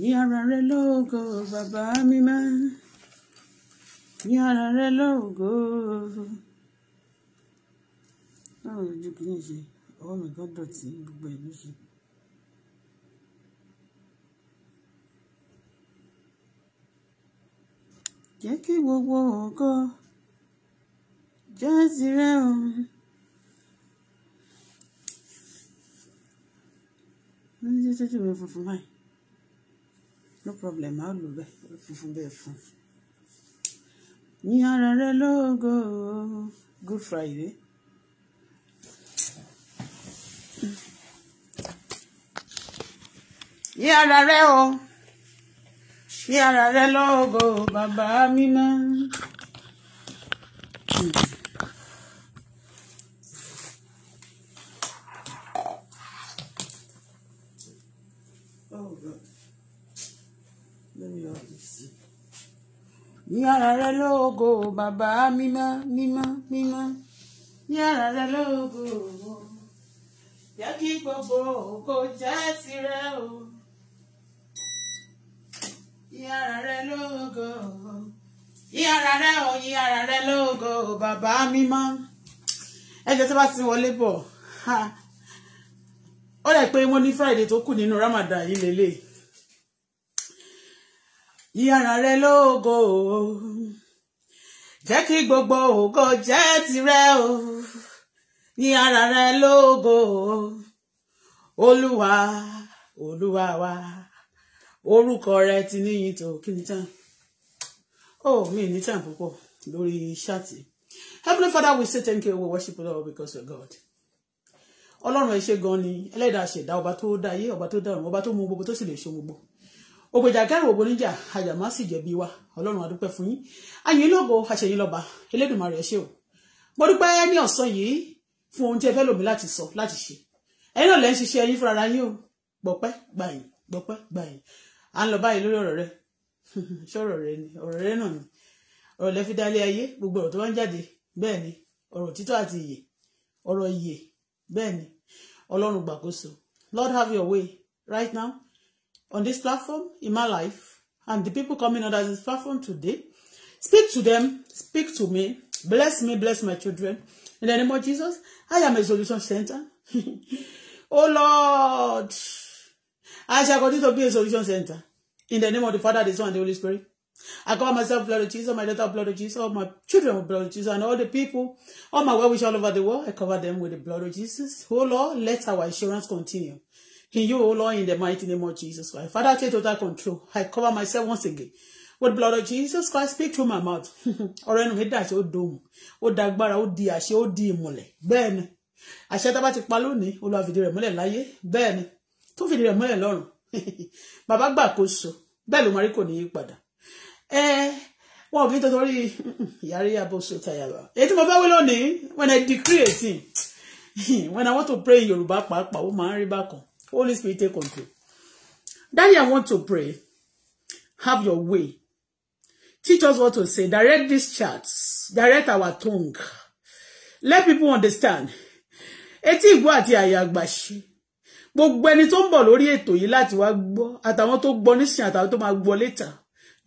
Yí ara rẹ lógo bàbá mi má. Yí ara rẹ lógo. Báwo lójú kìíní ṣe? Ọwọ́ mi kan dọ̀tí gbogbo ẹ̀ ló ṣe. Jẹ́ kí gbogbo ògo jẹ́ tirẹ̀ o. Wọ́n ní títí tí mo no problem a ó lò bẹ́ẹ̀ be bẹ́ẹ̀ fún un ara rẹ lógo good friday. yìn ara rẹ o yìn ara rẹ lógo bàbá mímọ́. ní ara rẹ lógo bàbá mímọ́ mímọ́ mímọ́ ní ara rẹ lógo jẹ́ kí gbogbo ògo jẹ́ tirẹ̀ o ní ara rẹ lógo ní ara rẹ o ní ara rẹ lógo bàbá mímọ́ ẹjọ́ tó bá ti wọlé bọ̀ ó lè pé wọ́n ní Friday tó kù nínú Ramadan yìí lélẹ́yìí yíyára rẹ lógo o jẹ́ kí gbogbo ògo jẹ́ tirẹ o yíyára rẹ lógo o olúwa olúwa wa orúkọ rẹ ti níyìn tó kí ni tán ó mi ní tàn púpọ̀ lórí ṣáàtì heavenly father we say thank you we worship you lord because you god ọlọ́run ẹ ṣé gan ni ẹlẹ́dàá ṣẹ̀dá ọba tó dá ayé ọba tó dá ọ̀run ọba tó mú gbogbo tó sì lè ṣe gbogbo ògbèjàgárò ògbó níjà àjàmá sì jẹ̀bi wa ọlọ́run àdúpẹ́ fún yín àyìn lógo àṣẹyìn lọ́ba elédùnmarè ẹ ṣé o mo dúpẹ́ ní ọ̀sán yìí fún ohun tí ẹ fẹ́ lòmí láti sọ láti ṣe ẹ̀yin náà lẹ́ ń ṣiṣẹ́ yín fúnra yín o gbọ̀pẹ́ gbàyìn gbọ̀pẹ́ gbàyìn à ń lọ báyìí lórí ọ̀rọ̀ rẹ ṣé ọ̀rọ̀ rẹ ni ọ̀rọ̀ rẹ náà ni ọ̀rọ̀ lẹ fi dálé ayé gbogbo ọ̀rọ̀ tó bá ń jáde bẹ́ẹ̀ ni ọ̀rọ̀ títọ́ àti ìyè ọ̀rọ̀ ìyè bẹ́ẹ̀ ni ọlọ́run gbàkóso Lord have your way right now on this platform in my life and the people coming under this platform today. Speak to them, speak to me, bless me, bless my children. In the name of Jesus, I am a solution center. oh Lord, I shall continue to be a solution center. In the name of the Father, the Son, and the Holy Spirit. I call myself blood of Jesus, my daughter blood of Jesus, all my children with blood of Jesus, and all the people, all my well-wishers all over the world. I cover them with the blood of Jesus. Oh Lord, let our assurance continue. Can you, O Lord, in the mighty name of Jesus Christ. Father, take total control. I cover myself once again. With blood of Jesus Christ, speak through my mouth. Ọ̀rọ̀ ẹnu mi dàṣẹ ó dòmù. Ó dàgbára, ó di àṣẹ, ó di ìmùlẹ̀. Bẹ́ẹ̀ni, àṣẹ tá a bá ti pa lónìí, Olúwa fìdí rẹ̀ múlẹ̀ láyé. Bẹ́ẹ̀ni, tó fìdí rẹ̀ múlẹ̀ lọ́run. Bàbá gbàkóso. Bẹ́ẹ̀ ló máa rí kò ní yí padà. Ẹ wọn ò kí n tó torí ìyárí àbòsò Èyí tí mo fẹ́ wí lónìí, when I decree a thing, when I want to pray in Yorùbá pàápàá, ó máa ń rí bákan. Holy Spirit, take control. Daddy, I want to pray. Have your way. Teach us what to say. Direct these chats. Direct our tongue. Let people understand. Eti ìgbó àti àyà àgbàṣe. Gbogbo ẹni tó ń bọ̀ lórí ètò yìí láti wá gbọ́. Àtàwọn tó gbọ́ nísìnyí àtàwọn tó máa gbọ́ létà.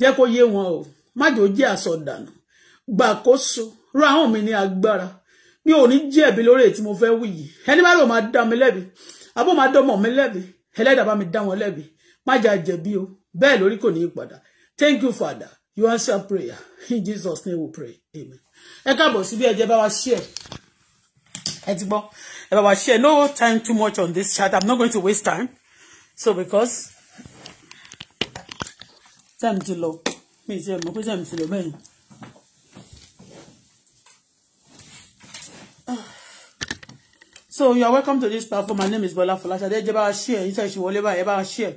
Jẹ́ kó yé wọn o. Májò jẹ́ àsọdànù. Gbàkóso. Rọ àwọn mi ní agbára. Mi ò ní jẹ̀bi lórí èyí tí mo fẹ́ wí yìí. Ẹni bá lò máa mi lẹ́bi abó máa dọ́mọ mi lẹ́bi ẹlẹ́dàá bá mi dá wọn lẹ́bi má jà jẹ̀bi o bẹ́ẹ̀ lórí kò ní í thank you father you answer prayer in jesus name we pray amen. ẹ káàbọ̀ síbí ẹ jẹ́ bá wa share ẹ ti gbọ́ ẹ bá wa share no time too much on this chat i'm not going to waste time so because time ti lọ mi ì tiẹ̀ mọ̀ pé time ti lọ bẹ́ẹ̀ so you are welcome to this platform my name is Bola Folashade jẹ́ bá wa share yín sẹ́yìn ṣìwọlé báyìí ẹ bá wa share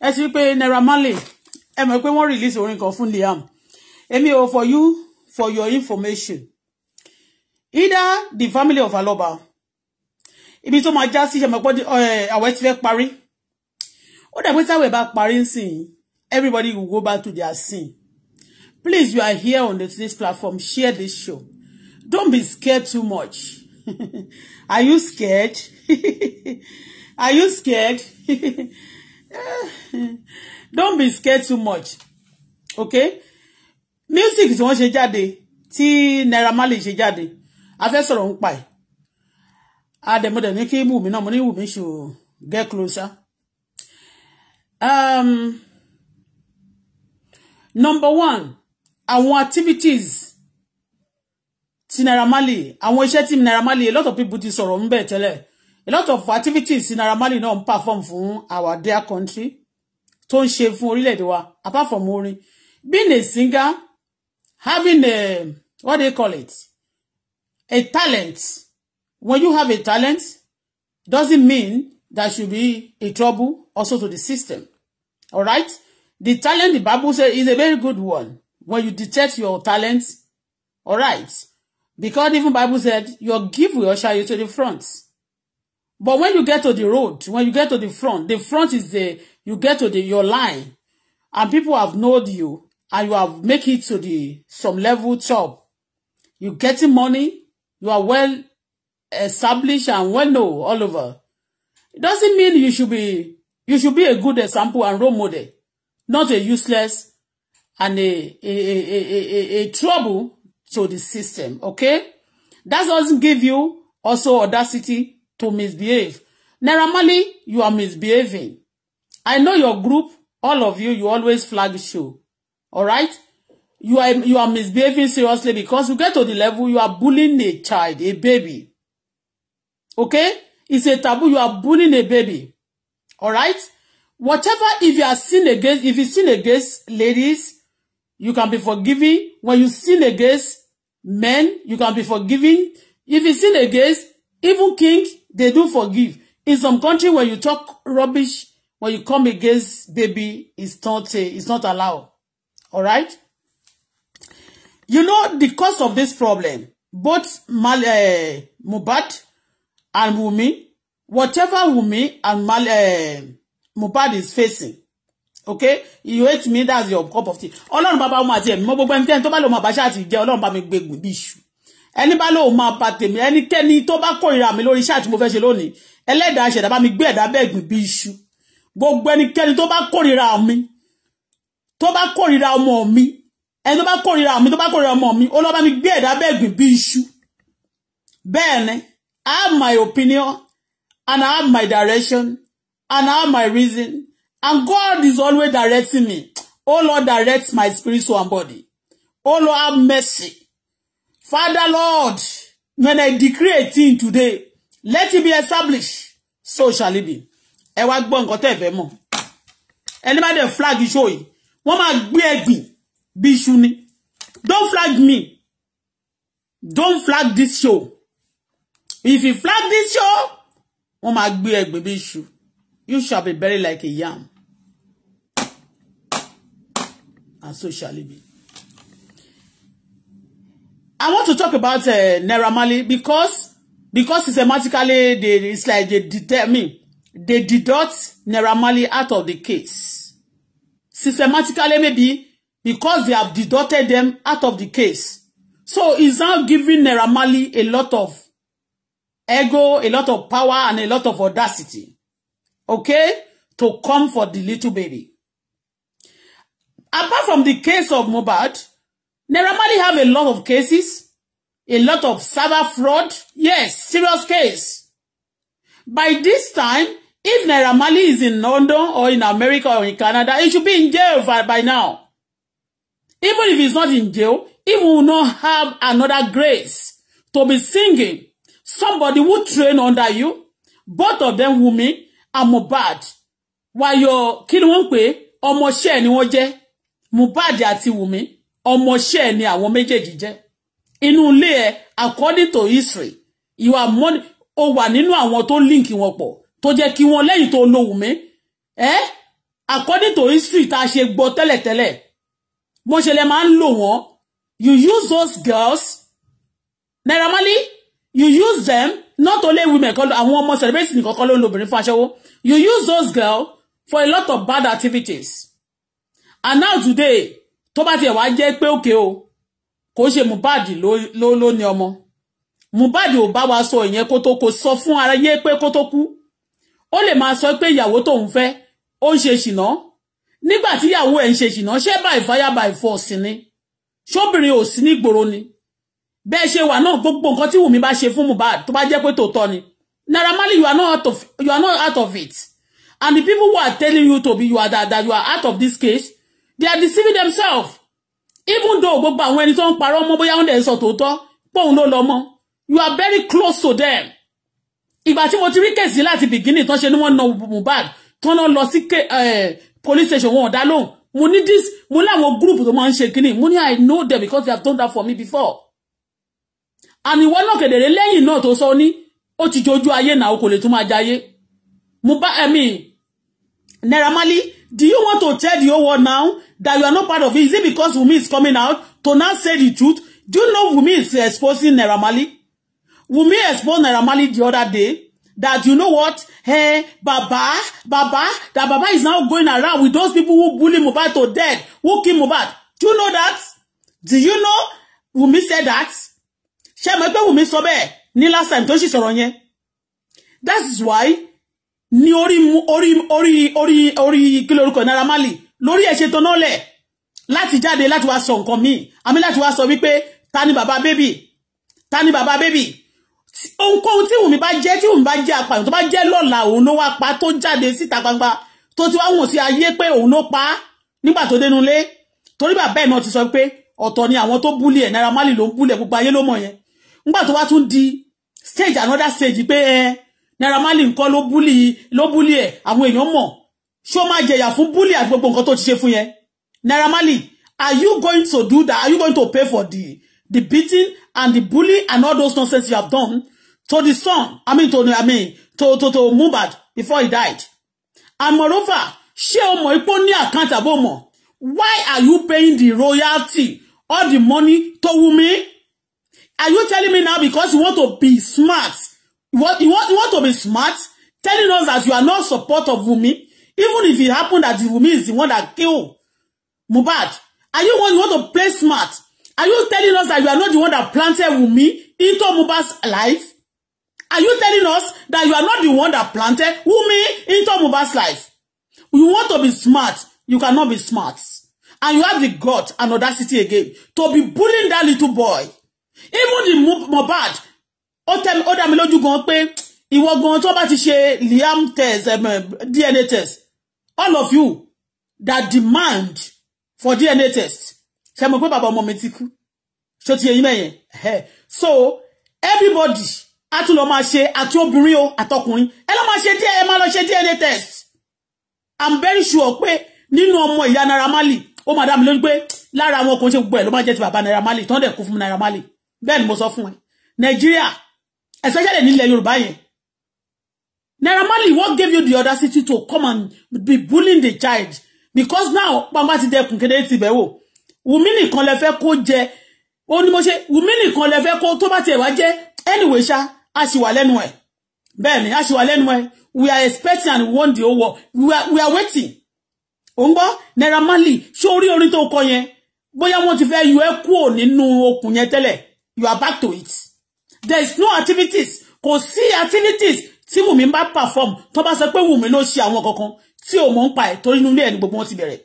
ẹ ti pé Naira Marley ẹ mọ̀ pé wọ́n release orin kan fún Liam èmi ò for you for your information either the family of Aloba ibi tó máa já sí ṣe mọ̀ pé eh, àwẹ̀ ti fẹ́ parí ó dàgbé táwẹ̀ bá parí ń sìn everybody will go back to their scene. please you are here on this, this platform share this show don't be scared too much Are you scared? Are you scared? Don't be scared too much. Okay? Music is one ṣe jáde tí Naira Marley ṣe jáde. A fẹ́ sọ̀rọ̀ ń pa ẹ̀. Adẹ̀mọdẹ̀ ní kí Wùmí náà mo ní Wùmí get closer. Um, number one, our activities ti Naira Marley àwọn iṣẹ́ tí Naira Marley a lot of people ti sọ̀rọ̀ ń bẹ̀ tẹ́lẹ̀ a lot of activities tí Naira Marley náà ń perform fún our dear country tó ń ṣe fún orílẹ̀-èdè wa apart from orin being a singer having a what do you call it a talent when you have a talent doesn't mean that should be a trouble also to the system all right the talent the Bible says is a very good one when you detect your talent all right Because even Bible said, your give will usher you to the front. But when you get to the road, when you get to the front, the front is the, you get to the, your line. And people have known you. And you have make it to the, some level top. You're getting money. You are well established and well known all over. It doesn't mean you should be, you should be a good example and role model. Not a useless and a, a, a, a, a, a trouble to the system. Okay? That doesn't give you also audacity to misbehave. Normally, you are misbehaving. I know your group, all of you, you always flag show. All right? You are you are misbehaving seriously because you get to the level you are bullying a child, a baby. Okay? It's a taboo. You are bullying a baby. All right? Whatever, if you are sin against, if you sin against ladies, you can be forgiven. When you sin against Men, you can be forgiving. If you sin against, even king, they do forgive. In some country, when you talk rubbish, when you come against baby, it's not, uh, it's not allowed. All right? You know the cause of this problem. Both Mal uh, eh, Mubad and Wumi, whatever Wumi and Mal uh, eh, Mubad is facing, okay you hate me that's your cup of tea ọlọ́run bàbá ọmọ àti ẹ̀mí mọ́ gbogbo ẹnikẹ́ni tó bá lòun àbáṣá àti ìjẹ́ ọlọ́run bá mi gbégun bí iṣu ẹni bá lòun máa pa tèmi ẹnikẹ́ni tó bá kórìíra mi lórí iṣẹ́ àti mo fẹ́ ṣe lónìí ẹlẹ́dàá ṣẹ̀dá bá mi gbé ẹ̀dá bẹ́ẹ̀ gbìn bí iṣu gbogbo ẹnikẹ́ni tó bá kórìíra mi tó bá kórìíra ọmọ mi ẹni tó bá kórìíra mi tó bá kórìíra ọmọ mi ọlọ́run bá mi gbé ẹ̀dá bẹ́ẹ̀ bí iṣu bẹ́ẹ̀ ni I have my opinion and I have my direction and I have my reason And God is always directing me. Oh Lord, direct my spirit spiritual and body. Oh Lord, have mercy. Father Lord, when I decree a thing today, let it be established. So shall it be. Ẹ wá gbọ́ nǹkan tẹ́ fẹ́ mọ̀. Ẹni bá dẹ̀ flag iṣó yìí, wọ́n máa gbé ẹ̀gbìn bí iṣu Don't flag me. Don't flag this show. If you flag this show, wọ́n máa gbé ẹ̀gbìn bí iṣu. You shall be buried like a yam. and so shall it be. I want to talk about uh, Naira Marley because because systematically they it's like they determine they deduct Naira Marley out of the case systematically maybe because they have deducted them out of the case so it's now giving Naira Marley a lot of ego a lot of power and a lot of audacity okay to come for the little baby apart from the case of Mohbad, Naira have a lot of cases, a lot of cyber fraud. Yes, serious case. By this time, if Naira is in London or in America or in Canada, he should be in jail by, by now. Even if he's not in jail, he will not have another grace to be singing. Somebody will train under you, both of them, Wunmi and Mohbad. While your kí ni wọ́n ń pè ọmọọṣẹ́ ni Mohbad àti Wùmí ọmọọṣẹ́ ẹ̀ ni àwọn méjèèjì jẹ́ inú ilé ẹ̀ according to history you are money o wà nínú àwọn tó link wọn pọ̀ tó jẹ́ kí wọ́n lẹ́yìn tó lo Wùmí ẹ́ according to history tá a ṣe gbọ́ tẹ́lẹ̀tẹ́lẹ̀ mo ṣe lè máa ń lò wọ́n you use those girls Naira Marley you use them not only women kọ́ àwọn ọmọ celebrate nìkan kọ́ ló ń lo obìnrin fún aṣẹ́wó you use those girls for a lot of bad activities and now today tó bá tiẹ̀ wá jẹ́ pé òkè o kò ṣe Mohbad ló ló ní ọmọ Mohbad ò bá wa sọ ìyẹn kó tó kó sọ fún aráyé pé kó tó kú ó lè máa sọ pé ìyàwó tóun fẹ́ ó ń ṣe ṣìnà nígbà tí ìyàwó ẹ̀ ń ṣe ṣìnà ṣé by fire by force ni ṣóbìnrin ò sí nígboro ni bẹ́ẹ̀ ṣe wà náà gbogbo nǹkan tí Wùmí bá ṣe fún Mohbad tó bá jẹ́ pé tòótọ́ ni Naira Marley you are not out of you are not out of it and the people who are telling you to be you are that that you are out of this case they are deceiving themselves even though gbogbo àwọn ẹni tó ń parọ́ mọ́ bóyá wọ́n dẹ̀ ń sọ tòótọ́ póun ló lọ mọ́ you are very close to them ìgbà tí mo ti rí kèsì láti bìgínì tán ṣe ni wọ́n na Mohbad tán náà lọ sí eh, police station wọn ò dá lóhùn mo ní this mo láwọn group tó máa ń ṣe kínní mo ní I know them because they have done that for me before and ìwọ náà kedere lẹ́yìn náà tó sọ ní ó ti jojú ayé náà o kò lè tún máa jayé mo bá ẹ̀mí Naira Do you want to tell the whole world now that you are not part of it? Is it because Wumi is coming out to now say the truth? Do you know Wumi is exposing Naira Wumi exposed Naira the other day that you know what? Hey, Baba, Baba, that Baba is now going around with those people who bully Mohbad to death, who kill Mohbad. Do you know that? Do you know Wumi said that? Ṣé mọ̀ pé Wumi sọ bẹ́ẹ̀ ní last time tó sì That is why ní orí orí orí orí orí kí lorúkọ Naira Marley lórí ẹ̀ ṣe tanná lẹ̀ láti jáde láti wá sọ nǹkan míì àmì láti wá sọ wípé ta ni bàbá bébì ta ni bàbá bébì ohunkóhun tí Wùmí bá jẹ́ tí Wùmí bá jẹ́ apààyàn tó bá jẹ́ lọ́la òun ló wá pa tó jáde síta gbangba tó ti wá wọ̀n sí ayé pé òun ló pa á nígbà tó dénú lé torí bàbá ẹ̀ náà ti sọ pé ọ̀tọ̀ ni àwọn tó búlì ẹ̀ Naira Marley ló ń búlẹ̀ gbogbo ayé ló mọ̀ yẹn nígbà tó wá tún di stage another stage pe. ẹ Naira Marley nǹkan bully, búlì bully. búlì ẹ̀ àwọn èèyàn mọ̀ ṣé ó máa jẹ̀yà fún búlì àti gbogbo nǹkan tó ti ṣe fún yẹn Naira Marley are you going to do that are you going to pay for the the beating and the bully and all those nonsense you have done to the son I mean to I mean to to to Mubad before he died and moreover ṣé o mọ̀ ipò ní àkáǹtì àbò mọ̀ why are you paying the royalty all the money to Wunmi are you telling me now because you want to be smart You want, you want, you want to be smart, telling us that you are not support of Wumi, even if it happened that Wumi is the one that killed Mubad. Are you one you want to play smart? Are you telling us that you are not the one that planted Wumi into Mubad's life? Are you telling us that you are not the one that planted Wumi into Mubad's life? You want to be smart, you cannot be smart. And you have the gut and audacity again to be bullying that little boy. Even the Mubad ó tẹ́ ó dá mi lójú gan pé ìwọ gan tó bá ti ṣe liam test um, DNA test all of you that demand for DNA test ṣe mo pé bàbá ọmọ mi ti kú ṣé ti yẹ yín so everybody a tún lọ máa ṣe àti obìnrin o àtọkùnrin ẹ lọ máa ṣe díẹ̀ ẹ máa lọ ṣe DNA test i'm very sure pé nínú ọmọ ìyá Naira Marley ó máa dá mi lójú pé lára àwọn ọkùnrin ṣe gbogbo ẹ̀ ló máa jẹ́ ti bàbá Naira Marley tán dẹ̀ kú fún Naira Marley bẹ́ẹ̀ ni mo sọ fún ẹ Nàìjíríà especially nílẹ̀ Yorùbá yẹn Naira Marley what gave you the audacity to come and be bullying the child because now pàmò ti dẹkùn kéde ti bẹ̀ wò Wùmí nìkan lè fẹ́ kó jẹ ó ní mo ṣe Wùmí nìkan lè fẹ́ kó tó bá tiẹ̀ wá jẹ́ anyway ṣá a ṣì wà lẹ́nu ẹ̀ bẹ́ẹ̀ ni a ṣì wà lẹ́nu ẹ̀ we are expecting and we want the whole world we are, we are waiting ò ń gbọ́ Naira Marley ṣé orí orin tó kọ yẹn bóyá wọ́n ti fẹ́ yọ ẹ́ kúrò nínú okùn yẹn tẹ́lẹ̀ you are back to it there is no activities kò sí activities tí Wùmí bá perform tó bá sọ pé Wùmí ló ṣe àwọn kankan tí ò mọ̀ ń pa ẹ̀ torí inú ilé ẹ̀ ni gbogbo wọn ti bẹ̀rẹ̀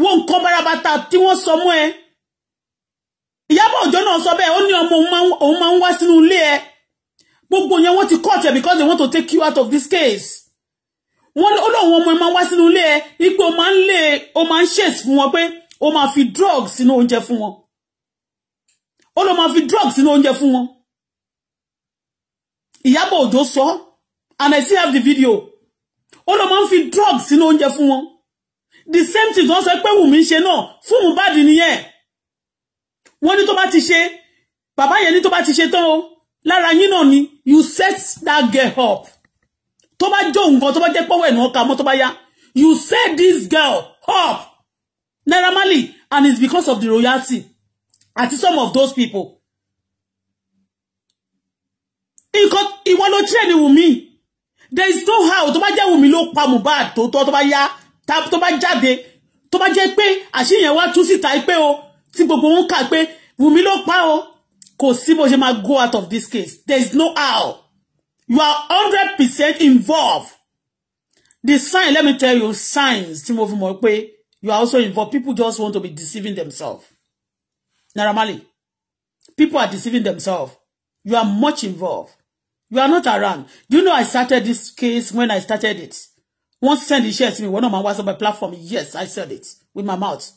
wọ́n nǹkan bárabàtà tí wọ́n sọ mọ́ ẹ Ìyábọ̀ Òjó náà sọ bẹ́ẹ̀ ó ní ọmọ òun máa ń wá sínú ilé ẹ gbogbo yẹn wọ́n ti cut ẹ because they want to take you out of this case wọ́n ó lóun ọmọ ẹ máa ń wá sínú ilé ẹ ipò máa ń lé o máa ń ṣèṣì fún wọn pé o máa fi drugs sínú oúnjẹ fún wọn ó ló máa fi drug sínú oúnjẹ fún wọn Ìyábọ̀ Òjó sọ and I still have the video ó ló máa ń fi drug sínú oúnjẹ fún wọn the same thing tó ń sọ pé Wùmí ń ṣe náà fún Mohbad nìyẹn wọ́n ní tó bá ti ṣe bàbá yẹn ní tó bá ti ṣe tán o lára yín náà ni you set that girl up tó bá jó nǹkan tó bá jẹ́ pọ́wọ́ ẹ̀nà ọkà mọ́ tó bá yá you set this girl up Naira Marley and it's because of the royalty àti some of those people nǹkan ìwọ ló train Wùmí there is no how tó bá jẹ́ Wùmí ló pa Mohbad tó tọ́ tó bá yá tó bá jáde tó bá jẹ́ pé àṣìyàn wá tú síta pé o tí gbogbo wọn kà pé Wùmí ló pa o kò sí bó ṣe máa go out of this case there is no how you are hundred percent involved the sign let me tell you signs tí mo fi mọ̀ pé you are also involved people just want to be deceiving themselves Naira People are deceiving themselves. You are much involved. You are not around. Do you know I started this case when I started it? Wọ́n send the shares to me wọ́n náà máa wá my platform. Yes, I said it with my mouth.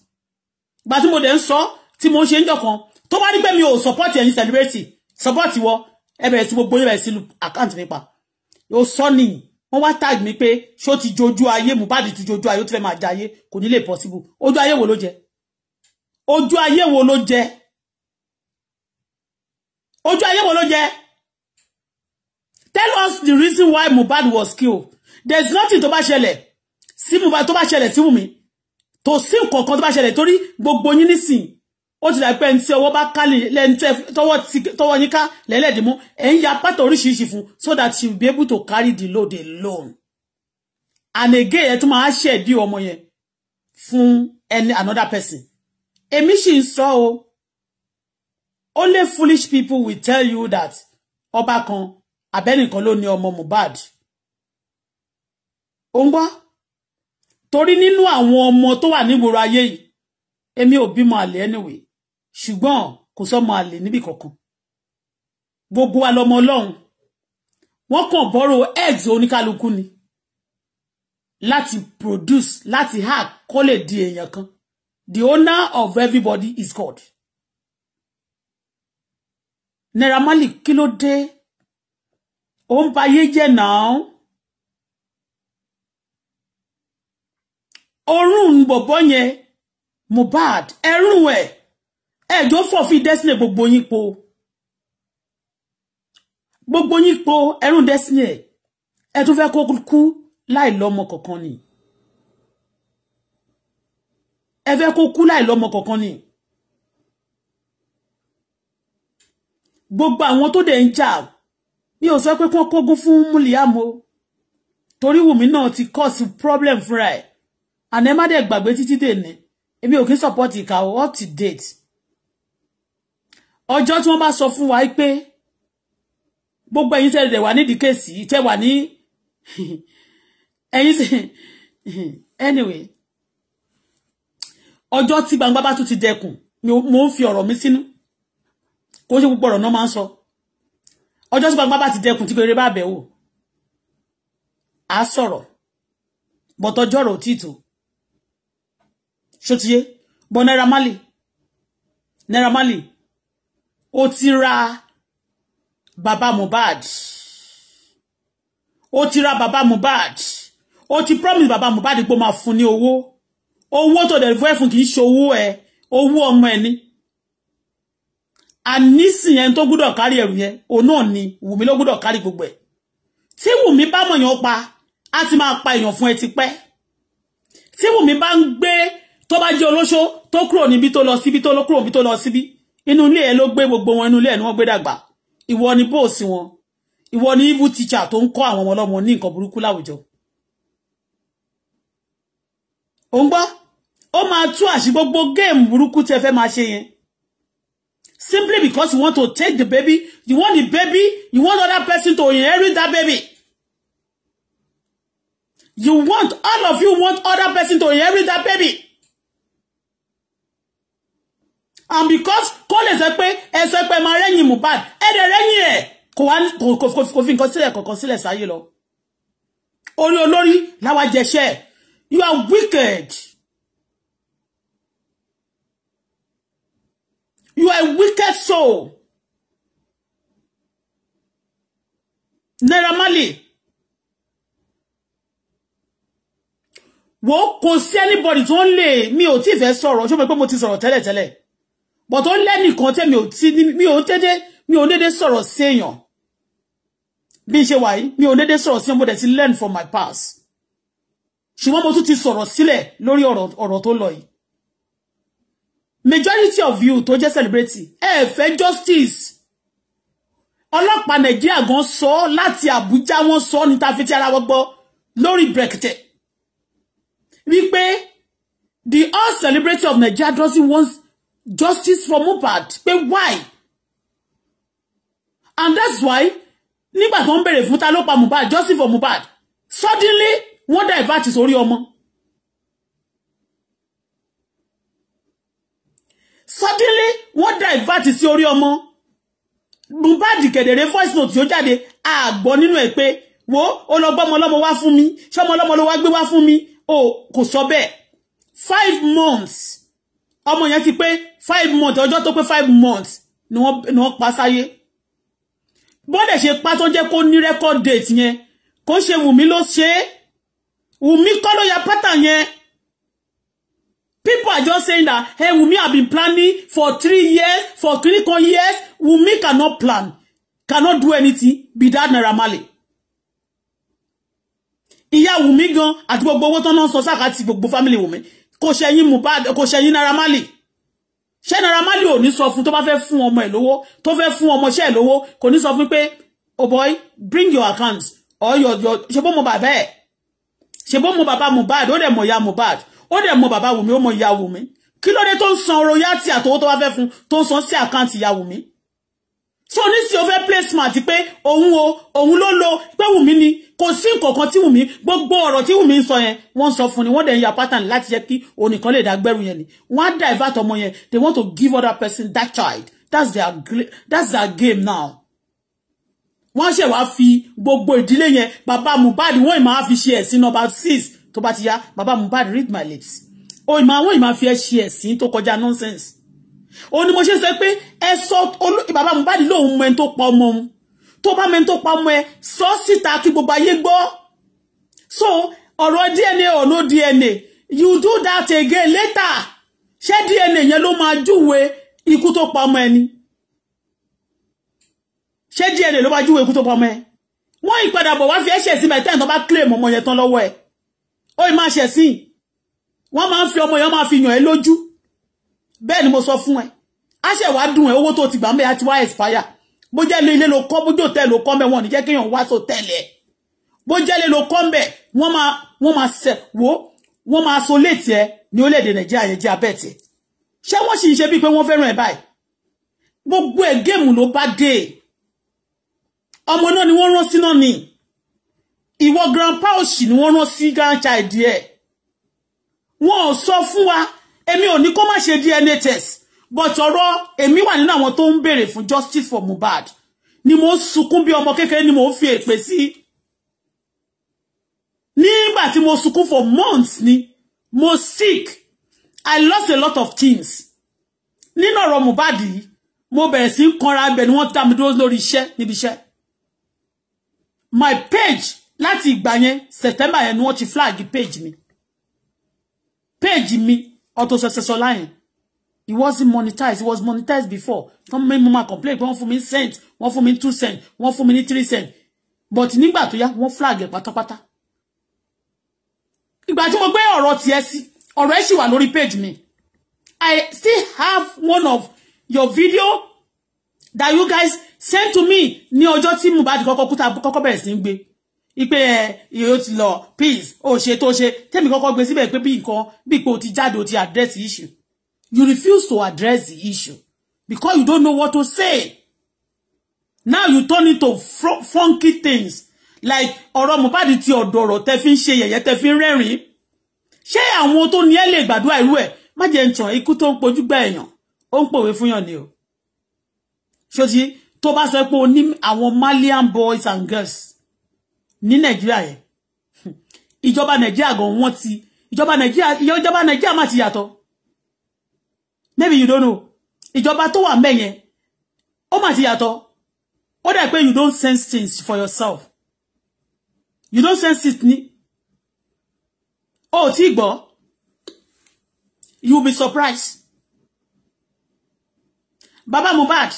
But you mo dẹ̀ ń sọ tí mo ń ṣe ń you tó bá ní pé support ẹ̀yin celebrate support wọ ẹ bẹ̀rẹ̀ sí gbogbo yẹn bẹ̀rẹ̀ sí lu account mi pa. O sọ nìyí wọ́n tag me pé ṣó Jojo jojú ayé Mohbad ti jojú ayé ó ti fẹ́ máa possible ojú ayé wo ló ojú ayé wo ló jẹ ojú ayé wo ló jẹ tell us the reason why Mohbad was killed there is nothing tó bá ṣẹlẹ̀ sí Mohbad tó bá ṣẹlẹ̀ sí Wùmí tó sí nǹkan kan tó bá ṣẹlẹ̀ torí gbogbo yín nísìnyí ó ti dàgbẹ́ ẹni tí ọwọ́ bá kálí lẹ́ni tọwọ́ yín ká lẹ́lẹ́dì mú ẹ̀ ń ya pátá oríṣiríṣi fún so that she will be able to carry the load alone and again ẹ̀ tún máa ṣẹ̀ bí ọmọ yẹn fún another person èmi sì ń sọ o only foolish people will tell you that ọba kan abẹ́nìkan ló ní ọmọ Mohbad ó ń gbọ́ torí nínú àwọn ọmọ tó wà nígboro ayé yìí èmi ò bímọ àlè anyway ṣùgbọ́n kò sọmọ àlè níbì kankan gbogbo wa lọmọ Ọlọ́run wọ́n kàn bọ́rọ̀ eggs oníkálukú ni láti produce láti hack kó lè di èèyàn kan The owner of everybody is God. Neramali kilo de, ló yeje ó Orun bayé jẹ́ náà ọrùn bọ̀bọ́ yẹn desne ẹrùn ẹ̀ ẹjọ́ fọ̀fin destiny gbogbo yín po gbogbo po ẹrùn destiny ẹ̀ ẹ tún fẹ́ kó kú láì lọ́mọ ẹ fẹ́ kó kú láì lọ́mọ kankan ni gbogbo àwọn tó dẹ̀ ń jà mi ò sọ pé kí wọ́n kógun fún Muliam o torí Wùmí náà ti cause problem fúnra ẹ̀ àná ẹ má dẹ̀ gbàgbé títí dèní èmi ò kí ń support ìka o up to date ọjọ́ tí wọ́n bá sọ fún wa pé gbogbo ẹ̀yin tẹ́ dẹ̀ wà nídìí kéèsì tẹ́ wà ní ẹ̀yin anyway ọjọ́ tí gbangba bá tún ti dẹkùn mo ń fi ọ̀rọ̀ mi sínú kó ṣe gbogbo ọ̀rọ̀ náà máa ń sọ ọjọ́ tí gbangba bá ti dẹkùn tí péré bá bẹ̀ wò á sọ̀rọ̀ bọ̀tọ̀jọ́ ọ̀rọ̀ òtítọ́ ṣòtíyé bọ́ Naira Marley Naira Marley ó ti ra bàbá Mohbad ó ti ra bàbá Mohbad ó ti promise bàbá Mohbad pé ó máa fún ní owó owó tó dẹ̀ fẹ́ fún kì í ṣowó ẹ owó ọmọ ẹ ni ànísìn ẹni tó gbúdọ̀ kárí ẹrù yẹn òun náà ni wùmí ló gbúdọ̀ kárí gbogbo ẹ̀ tí wùmí bá mọ̀yàn pa á ti máa pa èèyàn fún ẹ ti pẹ́ tí wùmí bá ń gbé tó bá jẹ́ olóṣó tó kúrò níbi tó lọ síbi tó lọ kúrò níbi tó lọ síbi inú ilé ẹ ló gbé gbogbo wọn inú ilé ẹ ni wọ́n gbé dàgbà ìwọ ni bóòsì wọn ìwọ ni evil teacher tó ń kọ́ àwọn ọmọ ọlọ́mọ ní nǹkan burúkú láwùjọ. ò gbọ́ ó máa tú àṣì gbogbo géèmù burúkú tẹ́ fẹ́ máa ṣe yẹn simply because you want to take the baby you want the baby you want other person to inherit that baby you want all of you want other person to inherit that baby and because kó lè sọ pé ẹ sọ pé máa rẹ́yìn Mohbad ẹ dẹ̀ rẹ́yìn ẹ̀ kò wá kò fi nǹkan sílẹ̀ kọ̀ọ̀kan sílẹ̀ sáyé lọ orí olórí láwa jẹṣẹ́ you are wicked. You are a wicked soul. Naira Marley. Wo kò sí anybody tó ń lè mi ò tí fẹ́ sọ̀rọ̀ ṣé mo pé mo ti sọ̀rọ̀ tẹ́lẹ̀ tẹ́lẹ̀. But ó lẹ́nìkan tẹ́ mi ò tí mi ò dédé mi ò dédé sọ̀rọ̀ séèyàn. Bí ṣe wà yìí mi ò dédé sọ̀rọ̀ sí mo dẹ̀ ti learn from my past. Ṣùgbọ́n mo tún ti sọ̀rọ̀ sílẹ̀ lórí ọ̀rọ̀ tó lọ yìí majority of you tó jẹ́ celebrity ẹ fẹ́ justice ọlọ́pàá nàìjíríà gan sọ ọ́ láti àbújá wọ́n sọ ọ́ ní ta fi ti ara wọ́n gbọ́ lórí brexit wípé the all celebrity of nigeria doesn't want justice for Mohbad pé why and that's why nígbà tó ń béèrè ta ló pa Mohbad justice for Mohbad suddenly wọ́n dá is sórí Omo? suddenly wọ́n divert sí orí ọmọ Mohbad kedere voice note tí ó jáde àgbọ̀ nínú ẹ̀ pé wo ó lọ gbọ́mọ ọlọ́mọ wá fún mi ṣọmọ ọlọ́mọ ló wá gbé wá fún mi o kò sọ bẹ́ẹ̀ five months ọmọ yẹn ti pé five months ọjọ́ tó pé five months ni wọ́n pa sáyé bọ́dẹ̀ ṣe pa tó jẹ́ kó ní record date yẹn kó ṣe wùmí ló ṣe é wùmí kọ́ ló ya pátá yẹn People are just saying that, hey, Wunmi have been planning for three years, for three clinical years. Wunmi cannot plan, cannot do anything Be that Marley. Ìyá Wunmi gan àti gbogbo owó tán náà sọ sáà àti gbogbo family Wunmi kò ṣẹyìn Mohbad kò ṣẹyìn Naira Marley. Ṣé Naira Marley ò ní fun fún tó bá fẹ́ fún ọmọ ẹ̀ lówó tó fẹ́ fún ọmọ ṣẹ́ ẹ̀ lówó kò ní sọ fún oh boy bring your accounts or your your ṣe bó mo bàbá ẹ̀ ṣe bó mo bàbá Mohbad ó dẹ̀ mọ̀ ya Mohbad ó dẹ̀ mọ bàbá Wùmí ó mọ ìyá Wùmí kí ló dé tó ń san royalty àtowó tó bá fẹ́ fún tó ń san sí àkáǹtì ìyá Wùmí so ní sí o fẹ́ placement pé òun o òun ló lo pé Wùmí ni kò sí nǹkankan tí Wùmí gbogbo ọ̀rọ̀ tí Wùmí ń sọ yẹn wọ́n sọ fún ni wọ́n dẹ̀ ń ya pattern láti jẹ́ kí onìkan lè dágbẹ́rù yẹn ni wọ́n á divert ọmọ yẹn they want to give other person that child that's their that's their game now wọ́n ṣe wá fi gbogbo ìdílé yẹn bàbá Mohbad wọ́n ì máa fi ṣe ẹ̀sìn number six tó bá ti yá bàbá Mohbad read my lips o ìmọ̀ àwọn ìmọ̀ fi ẹ ṣe ẹ̀sìn tó kọjá nonsense Oni ní mo ṣe sọ pé ẹ sọ bàbá Mohbad lòun mọ ẹni tó pa ọmọ òun tó bá mẹni tó pa ọmọ ẹ sọ síta kí gbogbo ayé gbọ́ so ọ̀rọ̀ DNA or no DNA you do that again later ṣé DNA yẹn ló máa júwe ikú tó pa ọmọ ẹni ṣé DNA ló máa júwe ikú tó pa ọmọ ẹ wọ́n ìpadàbọ̀ wá fi ẹ̀ṣẹ̀ sí mẹ́tẹ́ẹ̀ bá claim ọmọ yẹn tán lọ́wọ́ ẹ̀ ó ì máa ṣẹ̀sìn wọ́n máa ń fi ọmọ yẹn máa fi yàn ẹ́ lójú bẹ́ẹ̀ ni mo sọ fún ẹ á ṣẹ̀ wá dùn ẹ owó tó ti gbà mẹ́ àti wá expire bó jẹ́ ilé ilé ló kọ́ bójú òtẹ́ ló kọ́ mẹ́ wọn ò ní jẹ́ kéèyàn wá sọ tẹ́lẹ̀ ẹ̀ bó jẹ́ ilé ló kọ́ mẹ́ wọ́n máa wọ́n máa sẹ̀ wò wọ́n máa so léètì ẹ ní orílẹ̀-èdè nàìjíríà yẹn jẹ́ abẹ́ẹ̀tì ṣé wọ́n sì ń ṣe bíi pé wọ́n fẹ́ràn ẹ̀ báyìí gbogbo ẹ̀ géèmù ló bá dé ọmọ náà ni wọ́n rán sí náà ni ìwọ grandpa òsì ni wọ́n rán sí grandchild ẹ̀ wọn ò sọ fún wa èmi ò ní kó má ṣe DNA test but ọ̀rọ̀ èmi wà nínú àwọn tó ń béèrè fún justice for Mohbad ni mo ń sunkún bí ọmọ kékeré ni mo ń fi èpè sí nígbà tí mo sunkún for months ni mo sick I lost a lot of things nínú ọ̀rọ̀ Mohbad yìí mo bẹ̀rẹ̀ sí ń kanra bẹ̀ ni wọ́n ta mi dúró lórí iṣẹ́ níbi iṣẹ́ my page láti ìgbà yẹn september yẹn ni wọ́n ti flag page mi page mi Auto Success Ola yẹn it wasn't monetized it was monetized before wọ́n mú mi máa complain pé wọ́n fún mi cent wọ́n fún mi two cent wọ́n fún mi ní three cent but nígbà tó yá wọ́n flag ẹ̀ pátápátá ìgbà tí mo gbé ọ̀rọ̀ tiẹ̀ sí ọ̀rọ̀ ẹ̀ sì wà lórí page mi I still have one of your video that you guys sent to me ní ọjọ́ tí Mohbad kọ́kọ́ kúta kọ́kọ́ bẹ̀rẹ̀ sí ń gbé ipe ẹ eh, yóò ti lọ peace ó ṣe tó ṣe tẹ́mi kọ́kọ́ gbé síbẹ̀ pé bí nǹkan bí pé o ti jáde o ti address the issue you refuse to address the issue because you don't know what to say now you turn it to funky things like ọ̀rọ̀ Mohbad ti ọ̀dọ̀ ọ̀rọ̀ tẹ fi ń ṣe yẹ̀yẹ́ tẹ fi ń rẹ́rìn-ín ṣé àwọn tó ní ẹ lè gbàdúrà irú ẹ̀ má jẹ́ ń tàn ikú tó ń pojú gbà èèyàn ó ń pòwe fún yàn ni o ṣó ti tó bá sọ pé o ní àwọn malian boys and girls ní nàìjíríà yẹn hmm. ìjọba nàìjíríà gan wọ́n ti ìjọba nàìjíríà ìjọba nàìjíríà ma ti yàtọ̀ maybe you don't know ìjọba tó wà mẹ́yẹn o ma ti yàtọ̀ ó dà pé you don't sense things for yourself you don't sense it ni o ò tí you will be surprised baba Mohbad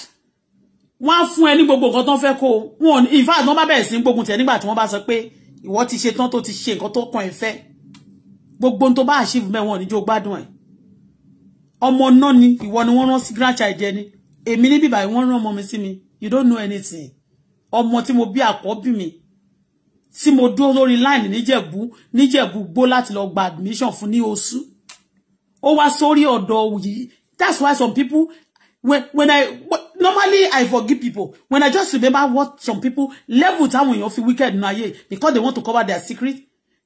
wọ́n á fún ẹ ní gbogbo nǹkan tó ń fẹ́ kó wọn in fact wọ́n bá bẹ̀rẹ̀ sí gbógun tẹ̀ nígbà tí wọ́n bá sọ pé ìwọ ti ṣe tán tó ti ṣe nǹkan tó kàn ẹ́ fẹ́ gbogbo tó bá achieve mẹ́wọ̀n níjó gbádùn ẹ̀ ọmọ náà ni ìwọ ni wọ́n rán sí grand child ẹni èmi níbí báyìí wọ́n rán ọmọ mi sí mi you don't know anything ọmọ tí mo bí àkọ́bí mi tí mo dúró lórí line níjẹ̀bú níjẹ̀bú gbó láti lọ gba admission fún ní oṣù ó wá sórí ọ̀dọ̀ yìí that's why some people when when i normally I forgive people when I just remember what some people level down when èèyàn fi wicked nínú ayé because they want to cover their secret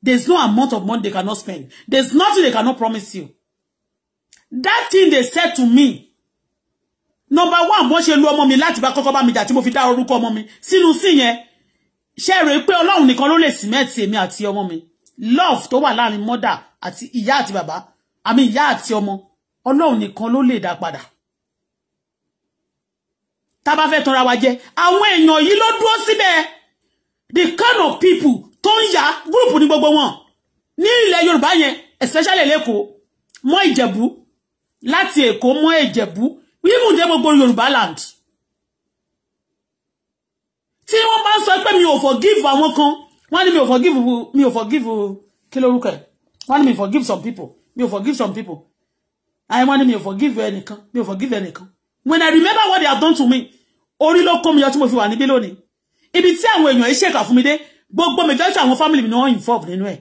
there's no amount of money they cannot spend there's nothing they cannot promise you that thing they said to me number one bó ṣe lu ọmọ mi láti bá kọ́kọ́ bá mi jà tí mo fi dá orúkọ ọmọ mi sínú sí yẹn ṣe rè pé ọlọ́run nìkan ló lè cement èmi àti ọmọ mi love to tó wà mother mọ́dà àti ìyá àti bàbá àmì ìyá àti ọmọ ọlọ́run nìkan ló lè dá padà tá bá fẹ́ tanra wa jẹ àwọn èèyàn yìí ló dúró síbẹ̀ the kind of people tó ń ya gúrùpù ní gbogbo wọn ní ilẹ̀ Yorùbá yẹn especially lẹ́kọ̀ọ́ mọ́ Ìjẹ̀bú láti Èkó mọ́ Ìjẹ̀bú even dé gbogbo Yorùbá land tí wọ́n bá ń sọ mi ò forgive àwọn kan wọ́n ní mi ò forgive mi ò forgive kiloruke lórúkọ ẹ̀ mi forgive some people mi ò forgive some people I wọ́n me mi ò forgive ẹnìkan mi ò forgive ẹnìkan when I remember what they have done to me Ori lo kó mi yọ tí mo fi wà níbí lónìí ibi tí àwọn èèyàn yìí ṣèkà fún mi dé gbogbo majority àwọn family mi no wọ́n involve nínú ẹ̀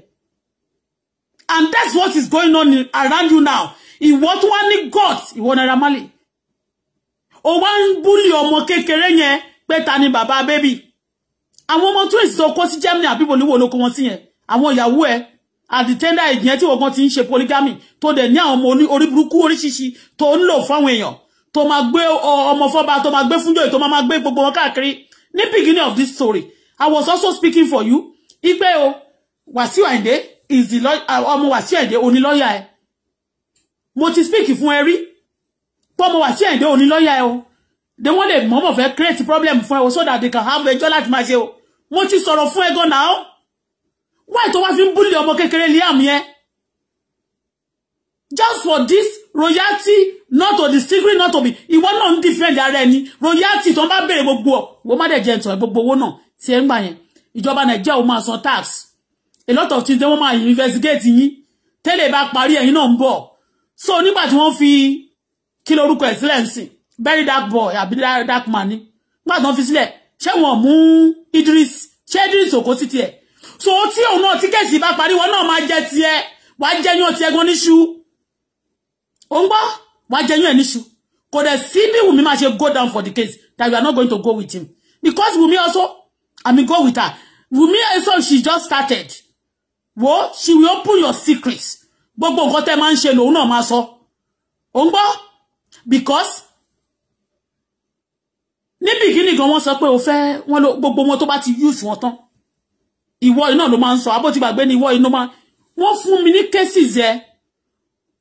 and that's what is going on around you now ìwọ tó wá ní god ìwọ Naira Marley o wá ń bully ọmọ kékeré yẹn pé ta ni Baba baby. àwọn ọmọ tó èsì tó kó sí Germany àbíbo níwò ló kó wọn sí yẹn àwọn ìyàwó ẹ̀ at the tender age yẹn tí wọ́n gan ti ń ṣe polygamy tó dẹ̀ ní àwọn ọmọ orí burúkú oríṣiríṣi tó ń lò fáwọn èèyàn tó máa gbé ọmọ fọ́ba tó máa gbé fúnjọ́ tó máa gbé gbogbo wọn káàkiri ní beginning of this story I was also speaking for you ipe o Wàsíù Àyìndé is the ọmọ Wàsíù Àyìndé oní lọ́yà ẹ mo ti speak fún ẹ rí pọ́mọ Wàsíù Àyìndé oní lọ́yà ẹ o de wọ́n lè mọ̀mọ̀ fẹ́ create problem fún ẹ so that they can have ẹjọ́ láti máa ṣe o mo ti sọ̀rọ̀ fún ẹ gan náà why tó wá fi ń búlì ọmọ kékeré Liam yẹn just for this royalty not to the secret not to be ìwọ náà ń defend ara ẹni royalty tó ń bá béèrè gbogbo ọ̀ wọ́n má dẹ̀ jẹ́ ìtàn gbogbo owó náà tí ẹ ń gbà yẹn ìjọba nàìjíríà ó máa tax a lot of things wọ́n máa investigate yín tẹ́lẹ̀ bá parí ẹ̀yin náà ń bọ̀ so nígbà tí wọ́n fi kí lorúkọ ẹ̀ sílẹ̀ ń sìn boy àbí dark man ni nígbà tí wọ́n fi sílẹ̀ ṣé wọ́n mú Idris ṣé Idris òkó sí tiẹ̀ so tí òun náà tíkẹ́ẹ̀tì bá parí wọn náà máa jẹ tiẹ̀ wàá jẹ́ yàn tiẹ̀ gan níṣu ó ń genuine issue? Because ẹ̀ níṣu kò dẹ̀ go down for the case that you are not going to go with him because Wunmi also I mean go with her Wunmi also she just started Well, she will open your secrets gbogbo nǹkan tẹ́ máa ń ṣe lòun náà máa sọ ó because ní bìkínì gan wọ́n sọ pé o fẹ́ wọ́n lo gbogbo wọn tó bá ti use wọn tán ìwọ iná ló máa ń sọ abó ti gbàgbé ni ìwọ iná máa wọ́n fún mi ní cases ẹ̀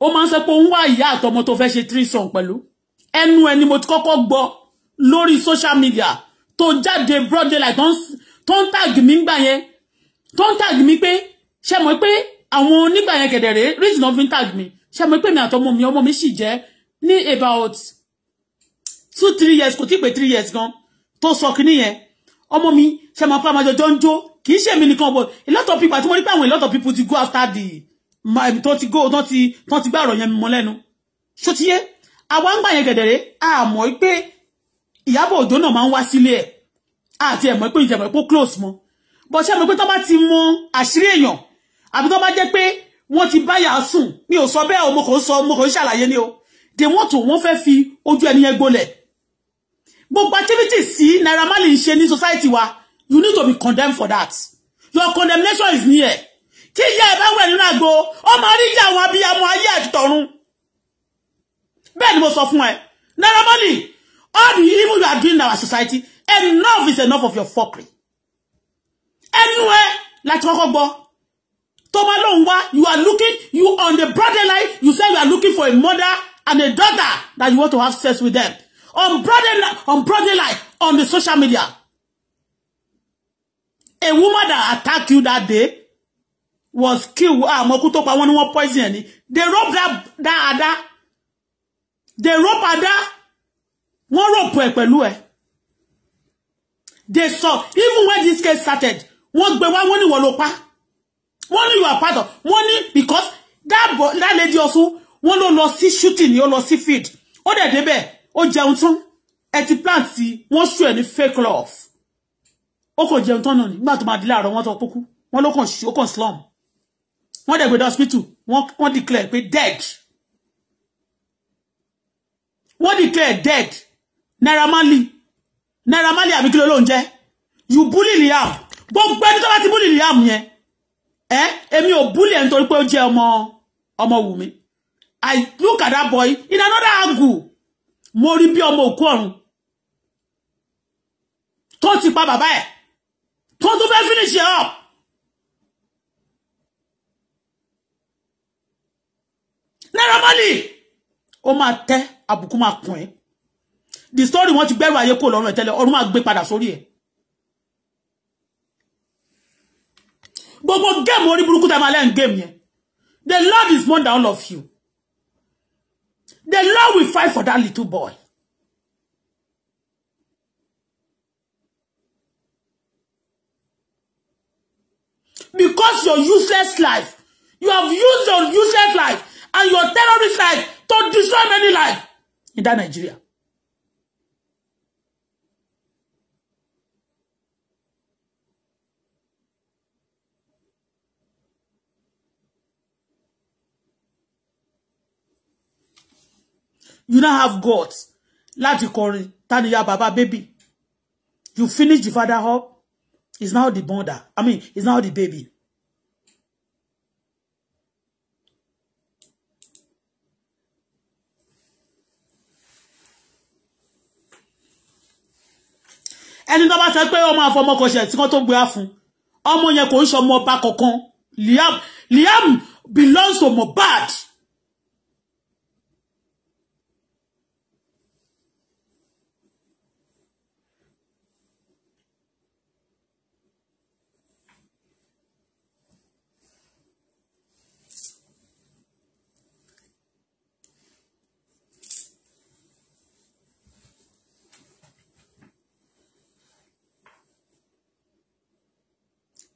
ó máa ń sọ pé òun wá ìyá àtọmọ tó fẹ́ ṣe threesome pẹ̀lú mo ti kọ́kọ́ gbọ́ lórí social media tó jáde broad daylight tó ń tag mi gbà yẹn tó tag mi pé ṣe mọ̀ pé àwọn onígbà yẹn kẹ̀dẹ̀rẹ́ reason of tag mi ṣe mọ̀ pé mi àtọmọ mi ọmọ mi sì jẹ́ ní about two three years kò tí pé three years gan tó sọ kínní yẹn ọmọ mi ṣe mọ̀ pé àmàjọjọ ń jó kì í mi nìkan but a lot of people àti mo rí pé àwọn a lot of people ti go after the ma ibi tó ti go tó ti tó ti gbàrọ̀ yẹn mọ́ lẹ́nu ṣó ti yé àwa ń gbà yẹn gẹ̀dẹ̀rẹ́ àmọ́ pé Ìyábọ̀ Òjó náà máa ń wá sílé ẹ̀ àti ẹ̀mọ́ pé ìjẹ̀mọ́ pé ó close mọ́ bọ́ ṣé mo pé tó bá ti mọ àṣírí èèyàn àbí tó bá jẹ́ pé wọ́n ti báyà sùn mi ò sọ bẹ́ẹ̀ o mo kò sọ mo kò ṣàlàyé ni o they want to wọ́n fẹ́ fi ojú ẹni yẹn gbolẹ̀ gbogbo activities sí Naira Marley ń ṣe ní society wa you need to be condemned for that your condemnation is near tí ìyá ẹ bá wẹ̀ nínú àgbo ó máa rí ìyá àwọn abiyamọ ayé àti tọ̀run bẹ́ẹ̀ ni mo sọ fún ẹ Naira all the evil you are doing in our society enough is enough of your fuckery ẹnu ẹ láti kọ́kọ́ gbọ́ tó máa lóun wá you are looking you on the broader line you say you are looking for a mother and a daughter that you want to have sex with them on broader line on broader line on the social media a woman that attack you that day was killed Ah, kú tó pa wọ́n ní wọ́n poison ni they robbed that that ada they robbed ada wọ́n rope ẹ̀ pẹ̀lú ẹ̀ they saw even when this case started wọ́n gbé wá wọ́n ní wọ́n ló pa wọ́n ní you are part of wọ́n because that boy that lady also wọ́n ló lọ sí shooting ó lọ sí field ó dẹ̀ débẹ̀ ó jẹun tán ẹ ti plant sí wọ́n ṣú ẹ̀ ní fake love ó kò jẹun tán náà nígbà tó máa di láàárọ̀ wọ́n tó pókú wọ́n ló kàn ṣí ó kàn slum wọ́n dẹ̀ gbé dé hospital wọ́n declare pé dead wọ́n declare dead Naira Marley Naira Marley àbí kí ló ló ń jẹ́ you bully Liam gbogbo ẹni tó bá ti bully Liam yẹn ẹ èmi ò bully ẹni torí pé ó jẹ́ ọmọ ọmọ Wùmí I look at that boy in another angle mo rí bí ọmọ òkú ọ̀run tó ti pa bàbá ẹ̀ tó tún fẹ́ finish it up. Naira Marley ó máa tẹ́ àbùkù máa kùn ẹ́ the story wọ́n ti gbẹ́rù ayé kò lọ́rùn ẹ̀ tẹ́lẹ̀ ọ̀run máa gbé padà sórí ẹ̀ gbogbo géèmù orí burúkú tá a máa lẹ́yìn géèmù yẹn the Lord is more than all of you the Lord will fight for that little boy. Because your useless life, you have used your useless life and your terrorist life to destroy many life in that Nigeria. You now have guts láti kọrin taniya baba baby. You finish the father up. It's now the mother. I mean, it's now the baby. ẹni tó bá sọ pé ọmọ àfọmọkọṣẹ tí wọn tó gbé á fún ọmọ yẹn kò ń ṣọmọ ọba kankan Liam Liam belongs to Mohbad.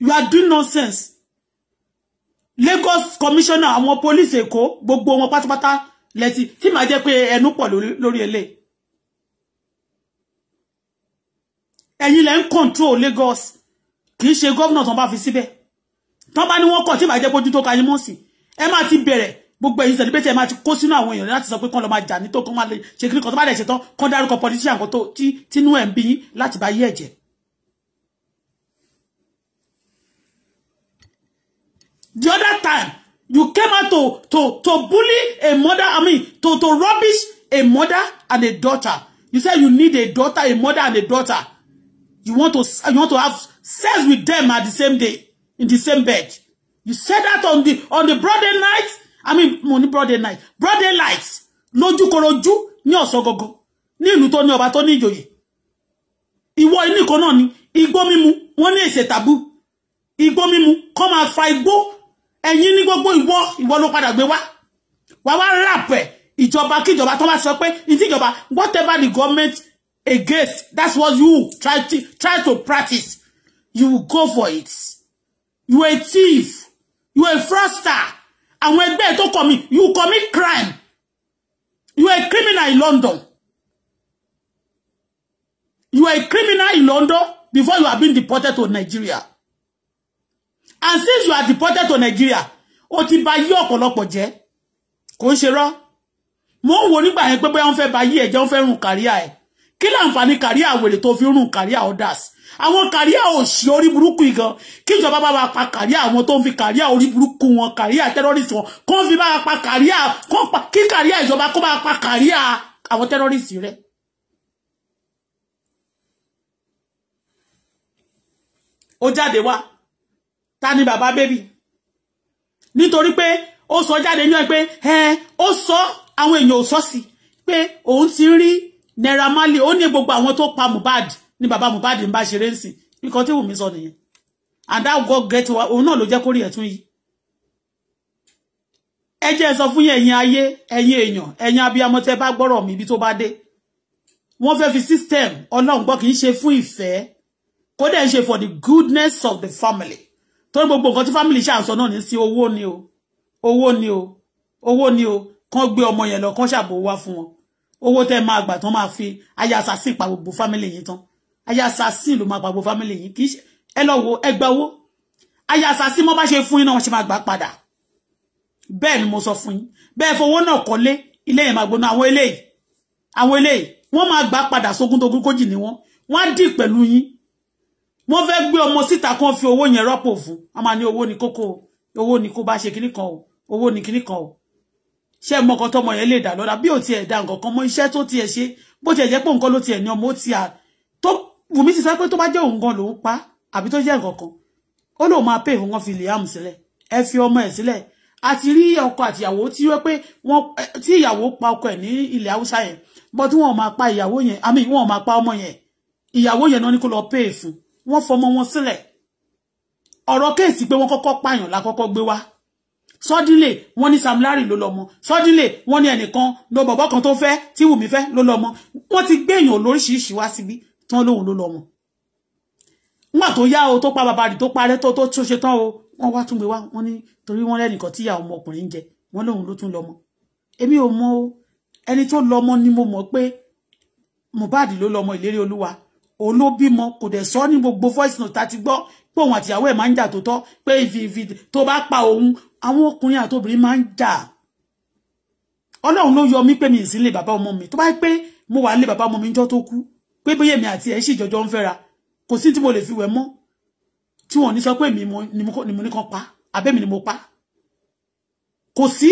you are doing nonsense Lagos commissioner àwọn police Èkó gbogbo wọn pátápátá lẹ́tí tí màá jẹ́ pé ẹnu pọ̀ lórí ẹlẹ́ ẹ̀yin lẹ́ ń control Lagos kì í ṣe gómìnà tó bá fi síbẹ̀ tó bá ní wọ́n kọ̀ tí màá jẹ́ pójú tó ka yín mọ́ sí ẹ máa ti bẹ̀rẹ̀ gbogbo ẹ̀yin celebrate ẹ máa ti kó sínú àwọn èèyàn láti sọ pé kán lọ máa jà ní tó kán máa lè ṣe kíní kan tó bá dẹ̀ ṣe tán kán dárúkọ politician kan tó tínú ẹ̀ ń bí yín láti bá yí the other time you came out to to to bully a mother i mean to to rubbish a mother and a daughter you say you need a daughter a mother and a daughter you want to you want to have sex with them at the same day in the same bed you said that on the on the broad night i mean money broad night broad light lójúkorojú ní ni osogogo ni ìlú tó ní ọba tó ní ìjòyè ìwọ inú ìkan náà ni igbó mímu wọ́n ní èsè tàbú igbó mímu kọ́ máa fa igbó ẹ̀yin ní gbogbo ìwọ ìwọ ló padà gbé wá wà wá ràpẹ̀ ìjọba kíjọba tó bá sọ pé ìtìjọba whatever the government against that's what you try to try to practice you go for it you a thief you a fraudster àwọn ẹgbẹ́ tó commit you commit crime you a criminal in London you a criminal in London before you have been deported to Nigeria and since you are deported to Nigeria o ti bà yí ọ̀pọ̀lọpọ̀ jẹ́ kò ń ṣe rọ́ mo ń wo nígbà yẹn pé bóyá wọ́n fẹ́ bà yí ẹ̀jẹ̀ wọ́n fẹ́ run kàríà ẹ̀ kí láǹfààní kàríà wèrè tó fi run kàríà others career. kàríà òṣì orí burúkú igan kí ìjọba bá wa pa kàríà àwọn tó ń fi kàríà orí burúkú wọn kàríà terrorist wọn kó ń fi bá wa pa kàríà kí kàríà ìjọba kó bá wa pa kàríà àwọn terrorist rẹ ó jáde wá ta ni bàbá bébì nítorí pé ó sọ jáde ní ọ pé ẹ ó sọ àwọn èèyàn ò sọ sí pé òun ti rí Naira Marley ó ní gbogbo àwọn tó pa Mohbad ni bàbá Mohbad ń bá ṣeré ń sìn nǹkan tí Wùmí sọ nìyẹn and that God get wa òun náà ló jẹ́ kórìí ẹ̀tún yìí ẹ jẹ́ sọ fún yín ẹ̀yin ayé ẹ̀yin èèyàn ẹ̀yin abiyamọ tẹ́ bá gbọ́rọ̀ mi ibi tó bá dé wọ́n fẹ́ fi system ọlọ́run gbọ́ kì í ṣe fún ìfẹ́ kódà ń ṣe for the goodness of the family torí gbogbo nǹkan tí family ṣáà ń sọ náà ní sí ni o owo ni o owo ni o kàn gbé ọmọ yẹn lọ kàn ṣàbò wá fún wọn owó tẹ́ máa gbà tán máa fi aya assassin pa gbogbo family yìí tán aya assassin ló máa pa gbogbo family yìí kìí ṣe ẹ wo ẹ gba owó aya assassin mo bá ṣe fún yín náà wọ́n ṣe máa gbà padà bẹ́ẹ̀ ni mo sọ fún yín bẹ́ẹ̀ fowó náà kọ́lé ilé yẹn máa gbóná àwọn eléyìí àwọn eléyìí wọ́n máa gbà padà sógún tógún kójì ni wọ́n wọ́n á dì pẹ̀lú wọ́n fẹ́ gbé ọmọ síta kan fi owo yẹn rọ́pò fún wọ́n máa ní owó ní kókó owó ní kó bá ṣe kinní kan o owó ní kinní kan o ṣé mọ nǹkan tọmọ yẹn lè dà lọ́la bí ò tiẹ̀ da nǹkan kan mọ iṣẹ́ tó tiẹ̀ ṣe bó tiẹ̀ jẹ́ pé nǹkan ló tiẹ̀ ní ọmọ ó ti à tó Wùmí ti sọ pé tó bá jẹ́ òun gan lòún pa àbí tó jẹ́ nǹkan kan ó lóun máa pè fún wọn fi Liam sílẹ̀ ẹ fi ọmọ ẹ̀ sílẹ̀ a ti rí ọkọ àti ìyàwó tí wọ́n pé wọ́n tí ìyàwó pa ọkọ ẹ̀ ní ilẹ̀ haúsá yẹn bọ́ tí wọ́n pa ìyàwó yẹn àmì wọ́n máa pa ọmọ yẹn ìyàwó yẹn náà ní kó lọ pay fún wọ́n fọmọ wọn sílẹ̀ ọ̀rọ̀ kéèsì pé wọ́n kọ́kọ́ pààyàn la kọ́kọ́ gbé wá sọ́dílé wọ́n ní Sam Larry ló lọ́mọ sọ́dílé wọ́n ní ẹnìkan ló bọ̀bọ́ kan tó fẹ́ tí Wùmí fẹ́ ló lọ́mọ wọ́n ti gbé èèyàn lóríṣiríṣi wá síbi tán lóhun ló lọ́mọ nígbà tó yá o tó pa bàbá rẹ̀ tó parẹ́ tó tó tó ṣe tán o wọ́n wá tún gbé wá wọ́n ní torí wọ́n lẹ́nìkan tíyà ọmọkùnrin ń jẹ wọ́n lóhun ló tún lọ́mọ èmi ò mọ ẹni tó lọ́mọ ni mo mọ̀ pé Mohbad ló lọ́mọ ìlérí olúwa òun ló bímọ kò dẹ̀ sọ ní gbogbo voice note àti gbọ́ pé òun àtìyàwó ẹ̀ máa ń jà tó tọ́ pé ìfìfì tó bá pa òun àwọn ọkùnrin àtobìnrin máa ń jà ọlọ́run ló yọ mí pé mi ìsínlẹ̀ bàbá ọmọ mi tó bá pé mo wà nílé bàbá ọmọ mi níjọ́ tó kú pé bóyá èmi àti ẹ̀ sì jọjọ́ ń fẹ́ra kò sí tí mo lè fi wẹ̀ mọ́ tí wọ́n ní sọ pé mi ni mo ní pa abẹ́mi ni mo pa kò sí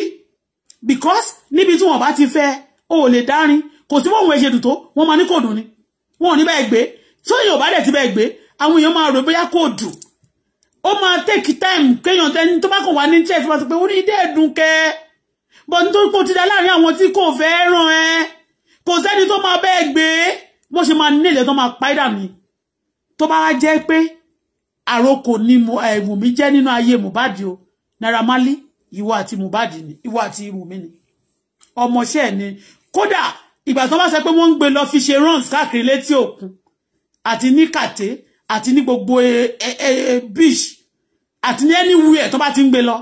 because níbi tí wọ́n bá ti fẹ́ o ò lè dárin kò sí bóun ẹ̀ ṣe dùn tó wọ́n máa ní kò dùn ni wọn ò ní bẹ́ẹ̀ gbé tó èèyàn bá dẹ̀ ti bẹ́ẹ̀ gbé àwọn èèyàn máa rò bóyá kò dùn ó máa take time kéèyàn ẹni tó bá kàn wá ní church máa sọ pé orí dẹ̀ dùn kẹ́ bọ́ nítorí pé ó ti da láàrin àwọn tí kò fẹ́ ràn ẹ́ kò sẹ́ni tó máa bẹ́ẹ̀ gbé bó ṣe máa nílẹ̀ tó máa pa ìdà mi tó bá wá jẹ́ pé àrokò ni Wùmí jẹ́ nínú ayé Mohbad o Naira Marley ìwọ àti Mohbad ni ìwọ àti Wùmí ni ọmọọṣẹ́ ni kódà ìgbà tó bá sọ pé wọ́n ń gbé lọ fi ṣe runs káàkiri létí òkun àti ní kàté àti ní gbogbo e, e, e, beach àti ní anywhere tó bá ti ń gbé lọ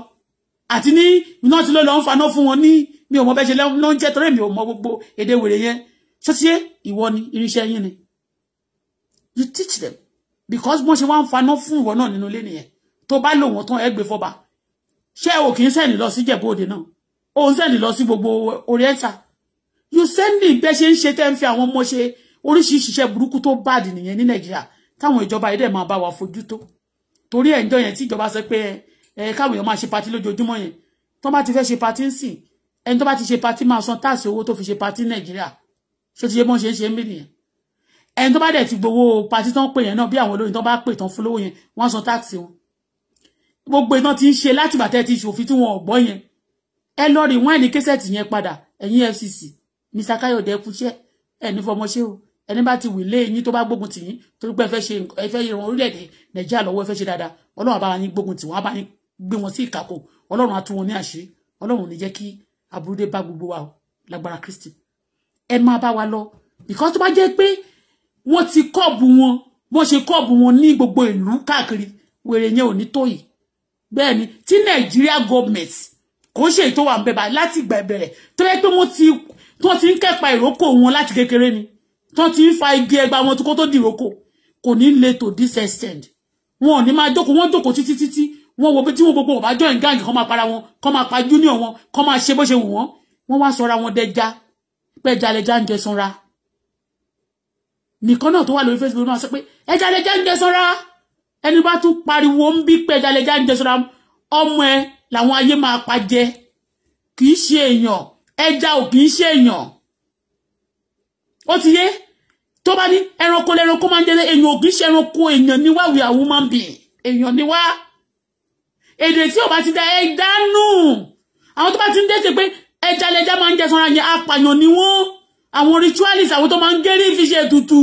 àti ní iná tí ló lọ ń faná fún wọn ní mi ò mọ bẹ́ẹ̀ ṣe ló ń jẹ́ torí mi ò mọ gbogbo èdè wèrè yẹn ṣọ́tíyé ìwọ ni irinṣẹ́ yín ni you teach them because wọ́n ṣe wá ń faná fún ìwọ náà nínú ilé nìyẹn tó bá lò wọ́n tán ẹ gbé fọba ṣé o kì í sẹ́ni lọ sí Jẹ̀bú Òde náà o ń sẹ́ni lọ sí gbogbo Oriental you send me bẹ́ẹ̀ ṣe ń ṣe tẹ́ ń fi àwọn ọmọ ṣe oríṣiríṣi iṣẹ́ burúkú bad nìyẹn ní nàìjíríà táwọn ìjọba ẹ̀dẹ̀ máa bá wa fojú to torí ẹ̀ ń jọ yẹn tí ìjọba sọ pé ẹ káwọn èèyàn máa ṣe patí lójoojúmọ́ yẹn tó bá ti fẹ́ ṣe patí ń sìn ẹni tó bá ti ṣe patí máa san táàsì owó tó fi ṣe patí Nigeria. ṣé ti ṣe bọ́n ṣe ń ṣe ń bìnìyàn ẹni tó bá dẹ̀ ti gbowó patí tán pè yẹn náà bí àwọn olórin tán bá pè tán fún lówó yẹn wọ́n san táàsì wọn gbogbo iná ti ń ṣe láti bàtẹ́ ti ṣòfin tí wọn ò gbọ́ yẹn ẹ lọ rí wọ́n ẹni késẹ̀tì yẹn padà FCC Mr. Káyọ̀dé kú iṣẹ́ ẹni fọmọ ṣe o ẹni bá ti wì lé yín tó bá gbógun tì yín torí pé ẹ fẹ́ ṣe ẹ fẹ́ yan orílẹ̀-èdè Nàìjíríà lọ́wọ́ ẹ fẹ́ ṣe dáadáa Ọlọ́run bá yín gbógun tì wọ́n á bá yín gbé wọn sí ìkàkò Ọlọ́run á tú wọn ní àṣírí Ọlọ́run ò gbogbo wa lágbára Kristi ẹ máa bá wa lọ because tó bá jẹ́ pé wọ́n ti kọ́ọ̀bù wọn wọ́n ṣe kọ́ọ̀bù wọn ní gbogbo ìlú káàkiri wèrè yẹn ò ní tó yìí bẹ́ẹ̀ ni tí Nàìjíríà government kò ṣe èyí tó wà ń bẹ̀ báyìí láti ìgbà tó yẹ pé wọ́n ti tó ti ń kẹ́pa ìrókò wọn láti kékeré ni tó ti ń fa igi ẹgba wọn tó kó tó dìrókò kò ní le to this extent wọn ò ní máa jókòó wọn jókòó títí títí wọn wo bí tí wọn gbogbo ọba join gang kan máa para wọn kan máa pa junior wọn kan máa ṣe bó ṣe wù wọn wọn wá sọra wọn dẹja pẹja lẹja ń jẹ sanra nìkan náà tó wà lórí facebook náà sọ pé ẹja lẹja ń jẹ sanra ẹni bá tún pariwo ń bí pẹja lẹja ń jẹ sanra ọmọ ẹ làwọn ayé máa pa jẹ kì í ṣe èèyàn ẹja ò kì í ṣe èèyàn ó ti yé tó bá ní ẹranko lẹranko máa ń jẹ èèyàn ò kì ṣe ẹranko èèyàn ni wá we are human being èèyàn ni wá èdè tí ò bá ti da ẹja nù àwọn tó bá ti ń dé ṣe pé ẹja lẹja máa ń jẹ sanra yẹn apàyàn ni wọn àwọn ritualist àwọn tó máa ń gẹrí fi ṣe ètùtù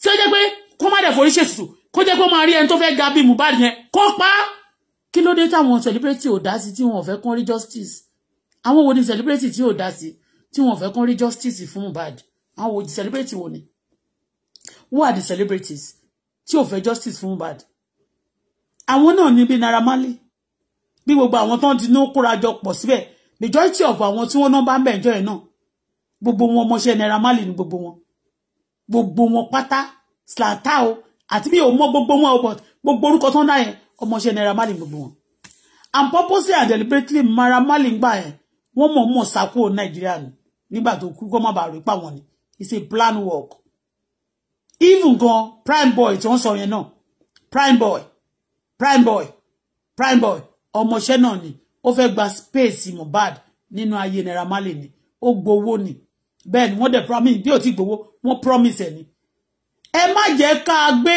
tí ó jẹ pé kó má dẹ̀ forí ṣe ètùtù kó jẹ́ kó máa rí ẹni tó fẹ́ ga bíi Mohbad yẹn kó pa kí ló dé táwọn celebrity ò dá sí tí wọn ò fẹ́ kán rí justice àwọn wo ni celebrity tí ò dá sí tí wọn fẹ́ kán rí justice fún Mohbad àwọn wo ni celebrity wo ni who are the celebrities tí ò fẹ́ justice fún Mohbad àwọn náà ni bí Naira Marley bí gbogbo àwọn tó ń dinú kóra jọ pọ̀ síbẹ̀ majority of àwọn tí wọ́n náà bá ń bẹ̀ jọ ẹ̀ náà gbogbo wọn ọmọọṣẹ́ Naira Marley ni gbogbo wọn gbogbo wọn pátá slata o àti bí òun mọ gbogbo wọn ọbọ gbogbo orúkọ tó ń dá yẹn ọmọọṣẹ́ Naira Marley gbogbo wọn and purposely and deliberately Naira Marley ń gbà yẹn wọ́n mọ̀ mọ̀ sá kúrò nàìjíríà ni nígbà tó kú kó má bàa rí pàwọn ni it's a plan work even gan prime boy tí wọ́n sọ yẹn náà prime boy prime boy prime boy ọmọọṣẹ́ náà ni ó fẹ́ gba space mohbad nínú ayé naira marley ni ó gbowó ni bẹ́ẹ̀ ni wọ́n dẹ̀ promise bí ò ti gbowó wọ́n promise ẹ̀ ni ẹ má jẹ́ ká gbé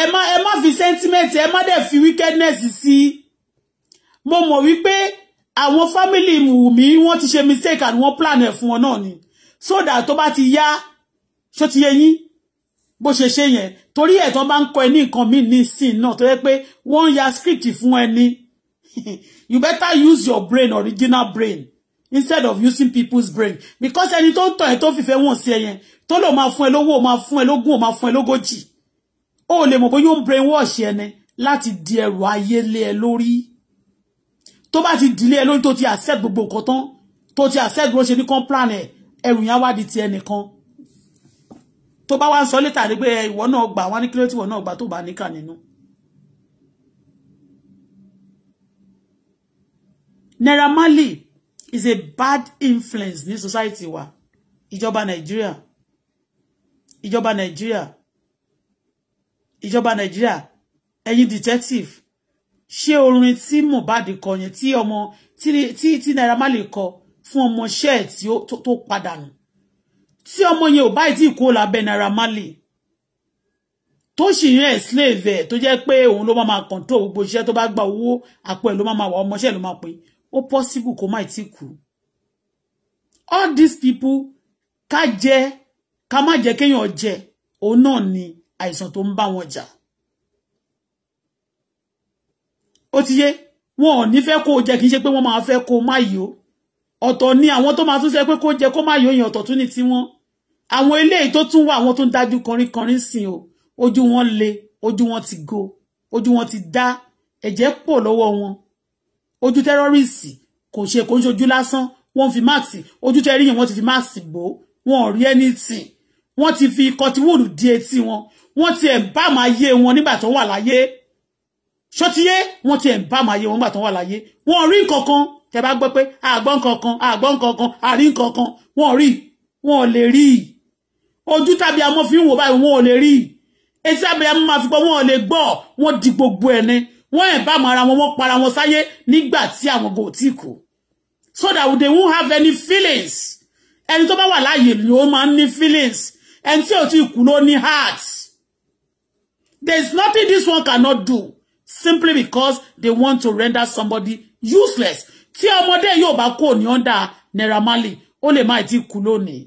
ẹ má ẹ má fi sentiment ẹ má dẹ̀ fi wickedness sí mo mọ̀ wípé àwọn fámìlì Wùmí wọ́n ti ṣe mistake and wọ́n plan ẹ̀ fún wọn náà ni so that tó bá ti yá ṣó ti yẹ yín bó ṣe ṣe yẹn torí ẹ̀ tó bá ń kọ ẹ ní nǹkan míì nísìn náà tó yẹ pé wọ́n ya script fún ẹni you better use your brain original brain instead of using people's brain because ẹni tó ń tọ̀ ẹ́ tó fìfẹ́ wọ̀n sí ẹ yẹn tó lò máa fún ẹ lówó ó máa fún ẹ lógún ó máa fún ẹ lógójì ó lè mọ̀ bóyá ó ń brainwash ẹni láti di ẹrù ayé lé ẹ lórí tó bá ti dìlé ẹ lórí tó ti accept gbogbo nǹkan tán tó ti accept bó ṣe ní kan plan ẹ ẹrù yẹn wá di ti ẹnìkan tó bá wá ń sọ létà ní pé ìwọ náà gbà wá ní kílódé ìwọ náà gbà tó bá níkà nínú. Naira Marley is a bad influence ní society wa ìjọba Nàìjíríà ìjọba Nàìjíríà ìjọba Nàìjíríà ẹ̀yin detective ṣé orin tí Mohbad kọ yẹn tí ọmọ tí tí Naira Marley kọ fún ọmọ ṣẹ́ẹ̀ tí tó padà nù tí ọmọ yẹn ò báyìí tí kú lábẹ́ Naira Marley tó sì yẹn slave ẹ̀ tó jẹ́ pé òun ló máa control gbogbo iṣẹ́ tó bá gba owó àpò ẹ̀ ló máa wà ọmọṣẹ́ ló máa pè ó possible kó má ti kú all these people ká jẹ ká má jẹ́ kéèyàn jẹ òun náà ni àìsàn tó ń bá wọn jà. ó ti yé wọn ò ní fẹ́ kó o jẹ kì í ṣe pé wọ́n máa fẹ́ kó má yó ọ̀tọ̀ ni àwọn tó máa tún ṣe pé kó jẹ kó má yó yẹn ọ̀tọ̀ tún ní tiwọn àwọn eléyìí tó tún wà àwọn tó ń dájú kọrin kọrin sìn o ojú wọn le ojú wọn ti go ojú wọn ti dá ẹ̀jẹ̀ pọ̀ lọ́wọ́ wọn ojú tẹ́rọ́rìsì kò ṣe kò ń ṣojú lásán wọ́n fi máàsì ojú tẹ́rí yẹn wọ́n ti fi máàsì bò wọn ò rí anything wọ́n ti fi kọtiwúùlù di etí wọn wọ́n ti ẹ̀ bá máa yé wọn nígbà tó wà láyé ṣótiyé ti ẹ̀ ń bá máa yé wọn gbà tán wà láyé wọn rí nǹkan kan tẹ bá gbọ́ pé àgbọ́n nǹkan kan àgbọ́n nǹkan kan àrí nǹkan kan wọn rí wọn ò lè rí ojú tàbí fi ń wò báyìí wọn ò lè rí etí tàbí amọ́ fi gbọ́ wọn ò lè gbọ́ di gbogbo ẹ̀ ni wọn ẹ̀ bá máa ra wọn para wọn sáyé nígbà tí àwọn kò tí kù so that they won't have any feelings ẹni to bá wà láàyè ni ó máa ń feelings ẹni tí ò tí kù ló ní heart there is nothing this one cannot do simply because they want to render somebody useless tí ọmọdé yóò bá kó ní ọ́ndà Naira Marley ó lè ti kú lónìí.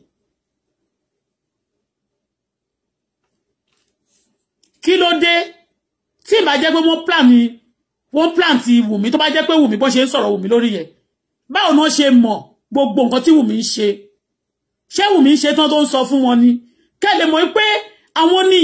kí ló dé tí ìbá jẹ́ pé wọ́n plan mi wọ́n plan ti Wùmí tó bá jẹ́ pé Wùmí bó ṣe ń sọ̀rọ̀ Wùmí lórí yẹn báwo ni wọ́n ṣe mọ̀ gbogbo nǹkan tí Wùmí ń ṣe ṣé Wùmí ń ṣe tán ton ń sọ fún wọn ni kẹ́ lè mọ̀ pé àwọn ni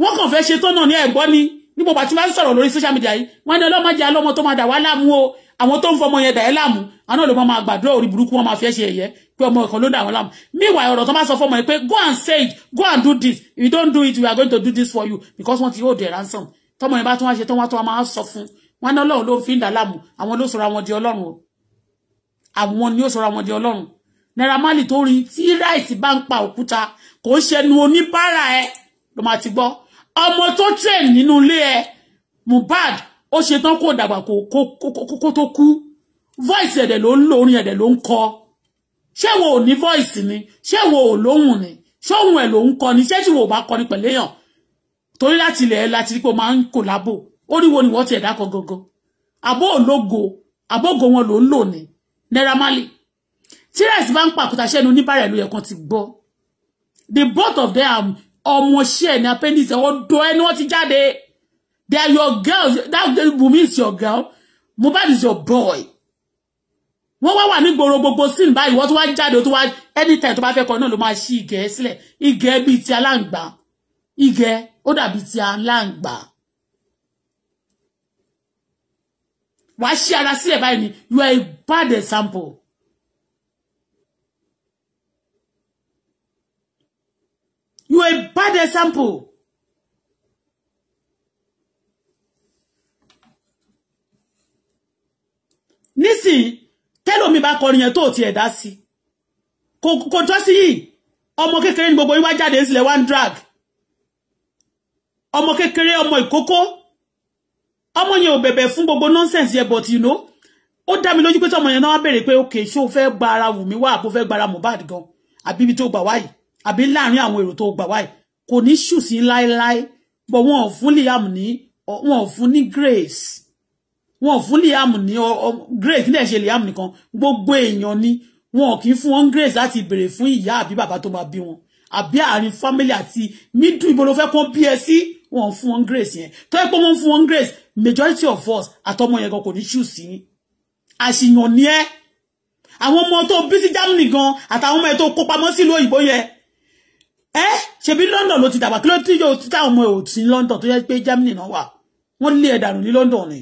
wọ́n kàn fẹ́ ṣe tán náà ní ẹ̀gbọ́n ni ní gbogbo àti máa ń sọ̀rọ̀ lórí social media yìí wọ́n ní ọlọ́mọ jẹ́ alọ́mọ tó máa dà wá láàmú o àwọn tó ń fọmọ yẹn dà ẹ́ láàmú àwọn náà ló máa gbàdúrà orí burúkú wọn máa fi ẹ́ ṣe ẹ̀yẹ pé ọmọ ọ̀kan ló dà wọ́n láàmú meanwhile ọ̀rọ̀ tó máa sọ fọmọ yẹn go and say it go and do this if you don't do it we are going to do this for you because wọ́n ti hold their ransom tọmọ yẹn bá tún wá ṣe tán wá tún wá máa sọ fún wọn náà ọlọ́run ló ń fi ń dà láàmú àwọn ló sọra wọn di ọlọ́run o àwọn ni ó sọra wọn di ọlọ́run Naira Marley tó rí tí ráìsì bá ń pa òkúta kò ń ṣẹnu oníbàárà ẹ ló máa ti gbọ́ ọmọ tó train nínú ilé ẹ Mohbad ó ṣe tán kó dàgbà kó kó tó kú voice ẹ̀dẹ̀ ló ń lò orin ẹ̀dẹ̀ ló ń kọ ṣé wo ò ní voice ni ṣé wo ò lóhùn ni ṣé òun ẹ̀ ló ń kọ ni ṣé tí wo ò bá kọ ni pẹ̀lú èèyàn torí láti ilẹ̀ láti rí pé ó máa ń kò lábò ó ní wo ni wọ́n ti ẹ̀dá kan gangan àbó òlógo àbógo wọn ló ń lò ní Naira Marley tí rice bá ń pàkúta ṣẹ́nu oníbàárẹ̀ ló yẹ kan ti gbọ́ the both of them ọmọọṣẹ́ ní appendix ọ̀dọ̀ ẹni wọ́n ti jáde they are your girls that Wumi is your girl Mohbad is your boy wọ́n wá wà ní gbòòrò gbogbo sin báyìí wọ́n tún wá jáde tó wá anytime tó bá fẹ́ kọ náà ló máa ṣí ìgẹ́ sílẹ̀ ìgẹ́ bíi ti aláǹgbá ìgẹ́ ó dàbí ti aláǹgbá. wàá ṣí ara sílẹ̀ báyìí ni you are a bad example You a bad example. Nisi, tell me kọrin yẹn your ti ẹ̀dá sí. Kò tọ́ sí yìí, ọmọ kékeré ni gbogbo yín wá jáde sílẹ̀ one drag. Ọmọ kékeré ọmọ ìkókó. Ọmọ yẹn ò bẹ̀bẹ̀ fún nonsense yẹn but you know. o dá mi lójú pé tí ọmọ yẹn náà wá béèrè pé okay ṣé o fẹ́ gba ara Wùmí wá àbó fẹ́ gba ara Mohbad gan àbí ibi tó gbà wáyìí àbí láàrin àwọn èrò tó gbà wáyé kò ní ṣù sí láéláé but wọn ò fún Liam ní wọn ò fún ní grace wọn ò fún Liam ní grace nílẹ̀ ṣe Liam nìkan gbogbo èèyàn ni wọn ò kì fún wọn grace láti béèrè fún ìyá àbí bàbá tó máa bí wọn àbí àárín family àti middle ibo ló fẹ́ bí ẹ sí wọn ò fún wọn grace yẹn tó yẹ pé wọn fún wọn grace majority of us àtọmọ yẹn gan kò ní ṣù sí àṣìyàn ni ẹ àwọn ọmọ tó bí sí Germany gan àtàwọn ọmọ ẹ tó kó sílùú òyìnbó yẹn ẹ ṣebí London ló ti dàgbà kí ló tí yóò títà ọmọ ò sí London tó yẹ pé Germany náà wà wọ́n lé ẹ dànù ní London ni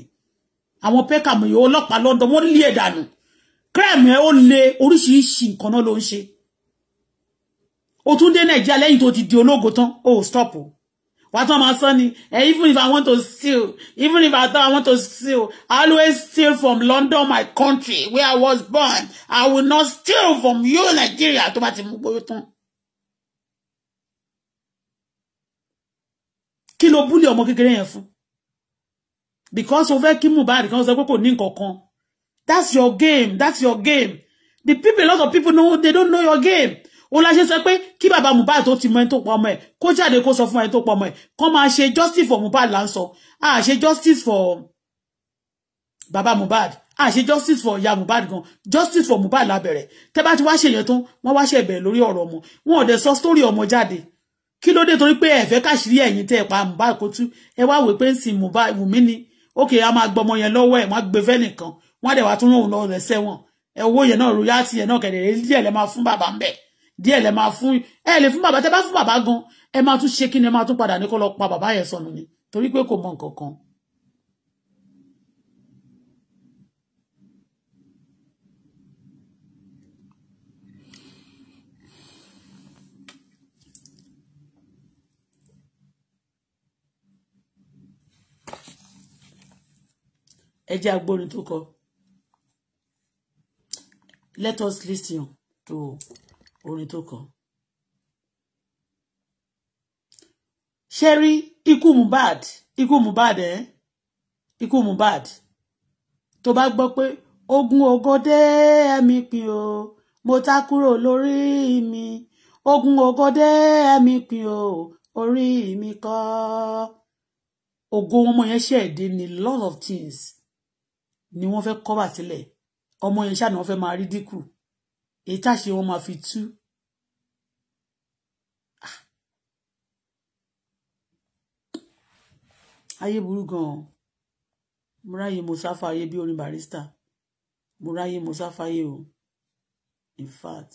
àwọn pẹkàmù yìí ọlọ́pàá London wọ́n lé ẹ dànù crime ẹ ó lé oríṣiríṣi nǹkan náà ló ń ṣe o tún dé Nàìjíríà lẹ́yìn tó ti di ológo tán o ò stop o wàá tán máa sọ ni eh, even if I want to steal even if I thought I want to steal I always steal from London my country where I was born I will not steal from you Nigeria tó bá ti mú gbóyó tán. kí ló búlì ọmọ kékeré yẹn fún because o fẹ́ kí Mohbad kan sọ pé kò ní nǹkan that's your game that's your game the people a lot of people know they don't know your game ó la ṣe sọ pé kí bàbá Mohbad tó ti mọ ẹni tó pa ọmọ ẹ̀ kó jáde kó sọ fún ẹni tó pa ọmọ ẹ̀ kó máa ṣe justice for Mohbad là ń sọ à ṣe justice for bàbá Mohbad à ṣe justice for ìyá Mohbad gan justice for Mohbad la bẹ̀rẹ̀ tẹ́ bá ti wá ṣèyẹn tán wọ́n wá ṣẹ̀bẹ̀ lórí ọ̀rọ̀ ọmọ wọn ò dẹ̀ sọ story ọmọ jáde kí ló dé torí pé ẹ fẹ́ káṣírí ẹ̀yin tẹ́ ẹ pa Mohbad kó ẹ wá wò pé ń sin Mohbad Wùmí ni ókè a máa gbọmọ yẹn lọ́wọ́ ẹ̀ wọ́n á gbé fẹ́nìkan wọ́n á dẹ̀ wá tún òun lọ rẹ̀ sẹ́wọ̀n ẹ owó yẹn náà royal tiẹ̀ náà kẹ̀dẹ̀ díẹ̀ lẹ máa fún bàbá ń bẹ̀ díẹ̀ lẹ máa fún ẹ lè fún bàbá tẹ bá fún bàbá gan ẹ máa tún ṣe kí ni ẹ máa tún padà ní kó lọ pa bàbá yẹn sọnù ni torí pé kò mọ nǹkan kan ẹ jẹ́ tó kọ let us listen to orin tó kọ. ṣé rí ikú Mohbad ikú Mohbad ẹ ikú Mohbad tó bá gbọ́ pé ogun ogode ẹ̀mí pin o mo ta kúrò lórí mi ogun ogode ẹ̀mí pin o orí mi kọ́ ogun ọmọ yẹn ṣẹ̀dí ni lot of things ni wọ́n fẹ́ kọ́wà sílẹ̀ ọmọ yẹn ṣáà ni wọ́n fẹ́ máa rí dínkù èyí táṣe wọn máa fi tú. Ah. ayé burú gan-an mo ráyè mo sáfàyè bí orin barista mo ráyè mo sáfàyè o in fact.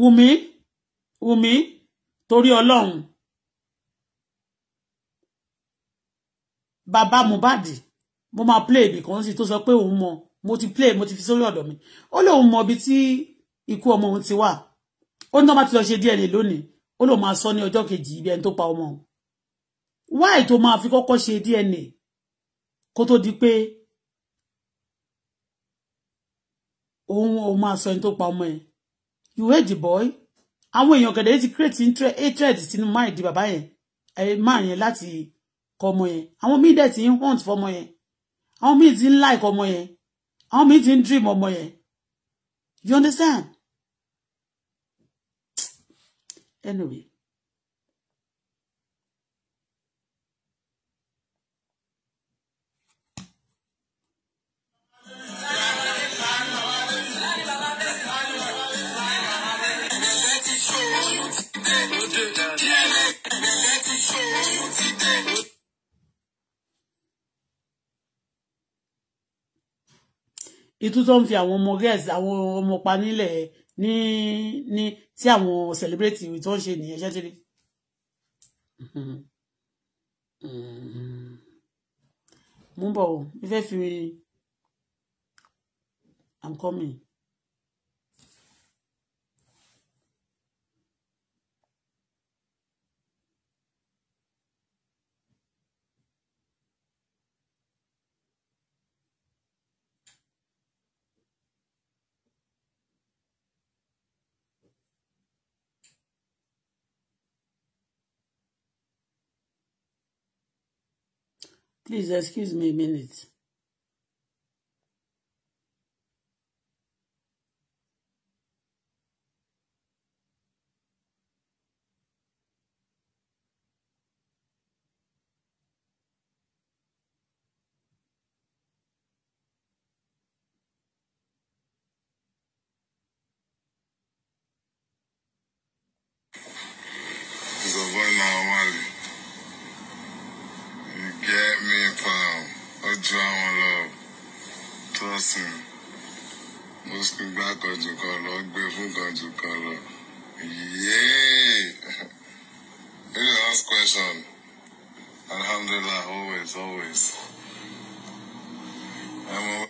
Wùmí Wùmí torí Ọlọ́run baba Mohbad mo máa play nìkan sí tó sọ pé òun mọ mo ti play mo ti fi sórí ọ̀dọ̀ mi ó lóun mọ ibi tí ikú ọmọ òun ti wà ó ní wọn bá ti lọ ṣe DNA lónìí ó lóun máa sọ ní ọjọ́ kejì ibi ẹni tó pa ọmọ òun why tó máa fi kọ́kọ́ ṣe DNA kó tó di pé òun ò máa sọ ẹni tó pa ọmọ ẹ you hate the boy àwọn èèyàn gẹ̀dẹ̀ ti create hatred sínú mind bàbá yẹn ẹ̀ máa yẹn láti kọmọ yẹn àwọn míì dẹ̀ ti ń hunt fọmọ yẹn àwọn míì ti ń like ọmọ yẹn àwọn míì ti ń dream ọmọ yẹn you understand anyway. Thank you. ìtú tó ń fi àwọn ọmọ girls àwọn ọmọ pa nílẹ̀ ní ní tí àwọn celebrate ìwé tó ń ṣe nìyẹn ṣẹ́ tẹ́lẹ̀. mú bọ̀ o ìfẹ́ fi I'm coming. Please excuse me a minute. gbá kan jù kan lọ gbé fún kan jù kan lọ if you ask question alhamdulillah always always. I'm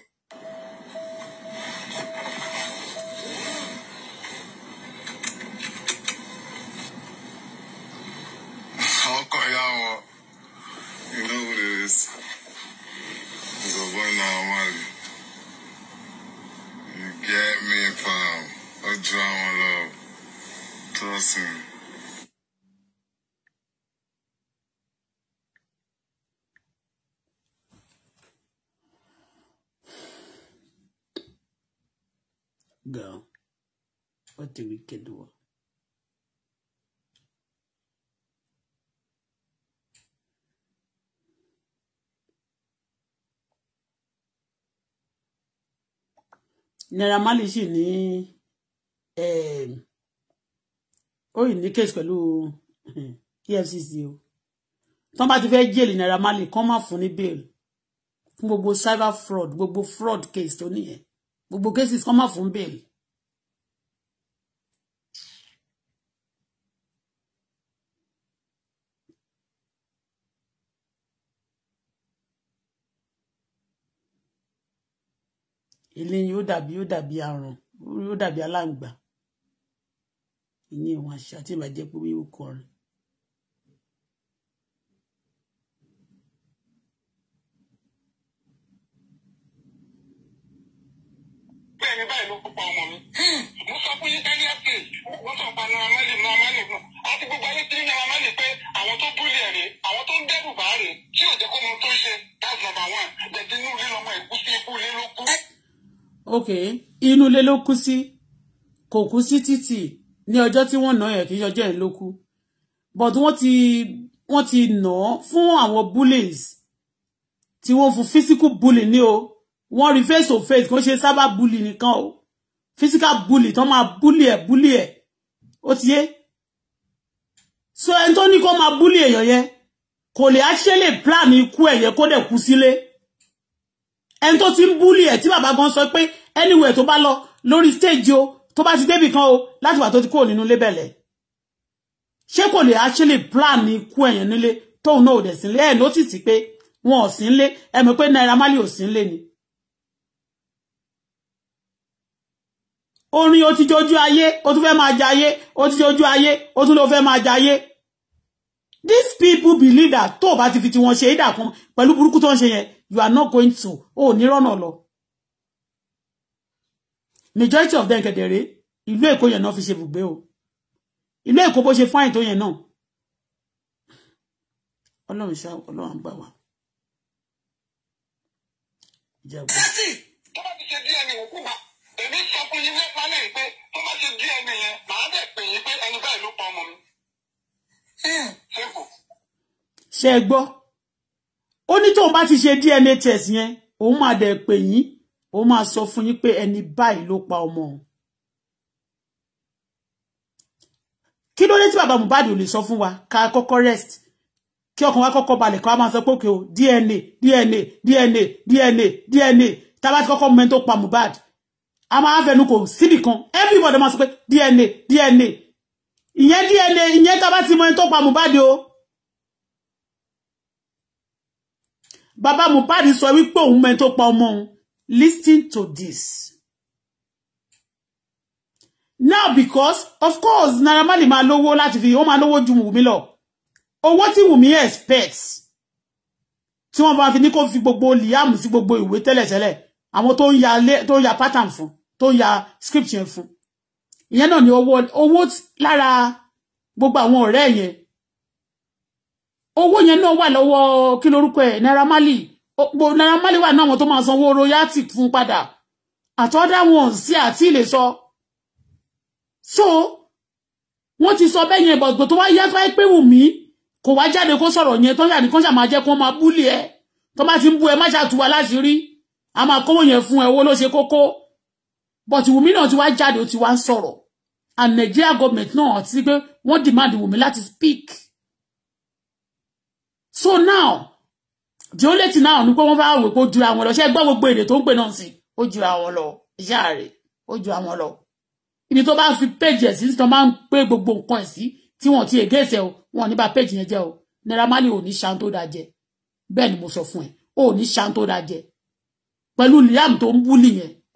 the wicked one. Naira Marley sì ní ehm, ó yìí ní case pẹ̀lú EFCC hmm, o tó bá ti fẹ́ jẹ́lì Naira Marley kọ́ máa fún ní bail fún gbogbo cyber fraud gbogbo fraud case tó nìyẹn gbogbo cases kọ́ máa fún bail eléyìí ó dàbí ó dàbí àrùn ó dàbí aláǹgbà ìní ìwọn àṣà tí ìbàjẹ́ pé wíwú kọrin. bẹ́ẹ̀ni báyìí ló kópa ọmọ mi mo sọ fún yín ẹni ẹsẹ wọn sọ pa náírà mẹlì náírà mẹlì náà àti gbogbo ayé tí náírà mẹlì pé àwọn tó búlẹ̀ rè àwọn tó ń dẹ́rù bá rè tí ò jẹ́ kó mo tó ṣe that's number one jẹ̀dínú lílọ́mọ ìkú sí ikú lé lókù ok inú ilé ló kú sí kò kú sí títì ní ọjọ́ tí wọ́n nà ẹ̀ kì ọjọ́ ẹ̀ ló kú but wọ́n ti wọ́n ti nà á fún àwọn bullies tí wọ́n fún physical bullying ní o wọ́n rí face to face kò ṣe sábà bully nìkan o physical bully tó máa bully ẹ̀ bully ẹ̀ ó ti yé so ẹni tó ní kó máa bully èèyàn yẹn kò lè actually plan ikú ẹ̀ kó dẹ̀ kú sílé ẹni tó ti ń búlì ẹ̀ tí bàbá gan sọ pé anywhere to bá lọ lórí stage o tó bá ti débì kan o láti wà tó ti kúrò nínú ilé bẹ̀lẹ̀ ṣé kò lè actually plan ní ikú ẹ̀yàn nílé tóun náà ò dẹ̀ sílé ẹ̀ nọ́tìsì pé wọn ò sí nílé ẹ mọ̀ pé Naira Marley ò sí nílé ni. orin ó ti jọjú ayé ó tún fẹ́ máa jayé ó ti jọjú ayé ó tún lọ fẹ́ máa jayé these people believe that tó bá ti fi ti wọn ṣe ida kan pẹ̀lú burúkú tó ń ṣe yẹn you are not going to o ní rọ́nà lọ majority of them kedere ìlú Èkó yẹn náà fi ṣe bùgbé o ìlú Èkó bó ṣe fine tó yẹn náà Ọlọ́run ṣá Ọlọ́run gbà wá jago tó bá ti ṣe sọ fún yín lẹ́pàá lẹ́yìn tó bá ṣe díẹ̀ nìyẹn màá bẹ̀ pè yín pé ẹni báyìí ló pa ọmọ mi ṣe gbọ́ ó ní tóun bá ti ṣe DNA test yẹn òun máa dẹ̀ pè yín òun máa sọ fún yín pé ẹni báyìí ló pa ọmọ òun kí ló dé tí bàbá Mohbad ò lè sọ fún wa ká kọ́kọ́ rest kí ọkàn wa kọ́kọ́ balẹ̀ ká máa sọ pé òkè o DNA DNA DNA DNA DNA tábà tí kọ́kọ́ mẹ́ni tó pa Mohbad a máa fẹnu kò síbì kan everybody máa sọ pé DNA DNA ìyẹn DNA ìyẹn tá a bá ti mọ ẹni tó pa Mohbad o bàbá Mohbad sọ wípé òun mọ tó pa ọmọ òun listen to this now because of course Naira Marley máa lówó láti fi ó máa lówó ju Wùmí lọ owó tí Wùmí expect tí wọ́n bá fi ní kó fi gbogbo liam sí gbogbo ìwé tẹ́lẹ̀tẹ́lẹ̀ àwọn tó ń ya pattern fún tó ń ya script yẹn fún ìyẹn náà ni owó owó lára gbogbo àwọn ọ̀rẹ́ yẹn owó yẹn náà wà lọ́wọ́ kí lorúkọ ẹ̀ Naira Marley òpó Naira Marley wà náà àwọn tó máa sanwó royalty fún padà àtọ́dá wọn sí àti ilé sọ so wọ́n ti sọ bẹ́ẹ̀ yẹn bọ̀gbọ̀ tó wá yá tó wáyé pé Wùmí kò wá jáde kó sọ̀rọ̀ yẹn tó yà ní kọ́ńṣà máa jẹ́ kó máa búlì ẹ̀ tó bá ti ń bú ẹ má ṣàtúwa láṣìírí a máa kówó yẹn fún ẹ owó ló ṣe kókó but Wùmí náà ti wá jáde ó ti wá sọ̀rọ̀ and Nigeria government náà ti pé wọ́n demand Wùmí láti speak so now the only thing now ni pé wọ́n fẹ́ wò pé ó jura wọn lọ ṣé gbọ́ gbogbo èdè tó ń pè náà sí ó jura wọn lọ ìyá rẹ̀ ó jura wọn lọ ibi tó bá fi page ẹ̀ sí tí wọ́n bá ń pé gbogbo nǹkan ẹ̀ sí tí wọ́n ti ègé ẹ̀sẹ̀ o wọn ò ní bá page yẹn jẹ́ o Naira Marley ò ní ṣan tó dáa jẹ bẹ́ẹ̀ ni mo sọ fún ẹ ò ní ṣan tó dáa jẹ pẹ̀lú Liam tó ń búlì yẹn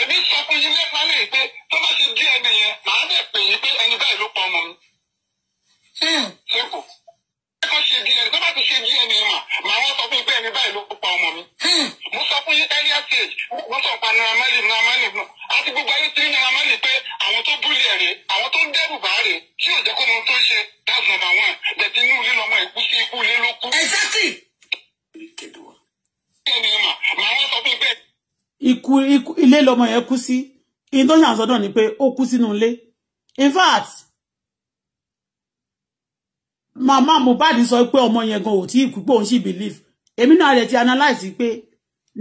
èmi sọ fún yín lẹ́ẹ̀kan lẹ́yìn pé tó bá ti di ẹni yẹn màá dẹ̀ pè yín pé ẹni báyìí ló pọ̀ ọmọ mi. Hmm. simple ẹ̀kọ́ ṣe di ẹni tó bá ti ṣe di ẹni yẹn mà màá wọ́n sọ fún yín pé ẹni báyìí ló pọ̀ ọmọ mi. Hmm. mo sọ fún yín earlier stage mo sọ pa Naira Marley Naira Marley náà àti gbogbo ayé tí Naira Marley pé àwọn tó búlì ẹ̀rẹ́ àwọn tó ń dẹ́rù bá rè tí ò jẹ́ kó mo tó ṣe that's number one bẹ̀tí inú ilé lọ́mọ ìkú sí ikú ilé ló kú. exactly. ẹni yẹn iku ilé lọmọ yẹn kú sí in tó yàn sọ́dọ̀ ni pé ó kú sínú ilé in fact màmá Mohbad sọ pé ọmọ yẹn gan ò tí ikú pé òun sì believe èmi náà rẹ̀ ti analyse pé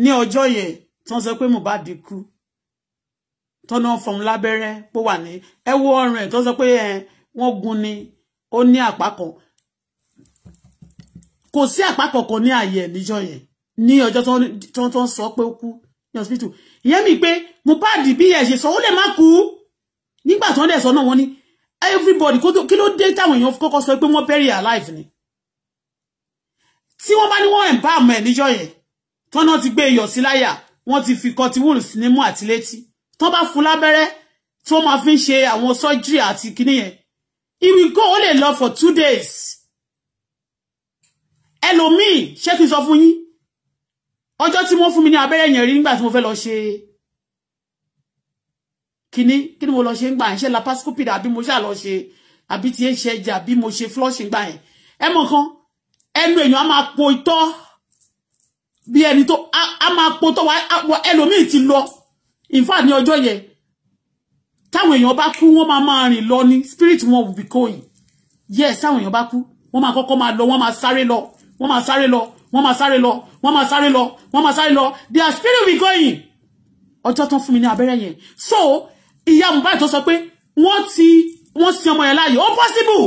ní ọjọ́ yẹn tán sọ pé Mohbad kú tọ́nà fọ̀n lábẹ́rẹ́ pó wà ní ẹ wo ọrùn ẹ̀ tó sọ pé wọ́n gún ni ó ní àpá kan kò sí àpá kankan ní ààyè níjọ́ yẹn ní ọjọ́ tó ń sọ pé ó kú ní hospital ìyẹn mi pé Mohbad bí ẹ ṣe sọ ó lè má kú nígbà tí wọ́n dẹ̀ sọ náà wọ́n ní everybody kí ló dé táwọn èèyàn kọ́kọ́ sọ pé wọ́n bury alive ni tí wọ́n bá ní wọ́n ẹ̀ ń bá àmọ́ ẹ̀ níjọ́ yẹn tọ́nà ti gbé iyọ̀ sí láyà wọ́n ti fi cottonwool sí nímú àti létí tọ́ bá fún lábẹ́rẹ́ tí wọ́n máa fi ń ṣe àwọn surgery àti kíní yẹn will go lè lọ for two days ẹlòmíì ṣé kí n sọ fún ọjọ́ tí wọ́n fún mi ní abẹ́rẹ́ yẹn rí nígbà tí mo fẹ́ lọ ṣe kíní kí ni mo lọ ṣe ń gbà yẹn ṣe laparoscopy àbí mo ṣáà lọ ṣe àbí tí ń ṣe ẹja àbí mo ṣe flushing gbà yẹn ẹ mọ̀ kan ẹnu èèyàn á máa po itọ́ bí ẹni tó á máa po tọ́ wa ẹlòmíì ti lọ in fact ní ọjọ́ yẹn táwọn èèyàn bá kú wọ́n máa máa rìn lọ ní spirit wọn will be going yes táwọn èèyàn bá kú wọ́n máa kọ́kọ́ máa lọ wọ́n máa sáré lọ wọ́n máa sáré lọ wọ́n máa sáré lọ wọ́n máa sáré lọ wọ́n máa sáré lọ their spirit be going. in ọjọ́ tán fún mi ní abẹ́rẹ́ yẹn so ìyá Mohbad tó sọ pé wọ́n ti wọ́n sin ọmọ yẹn láàyè ó possible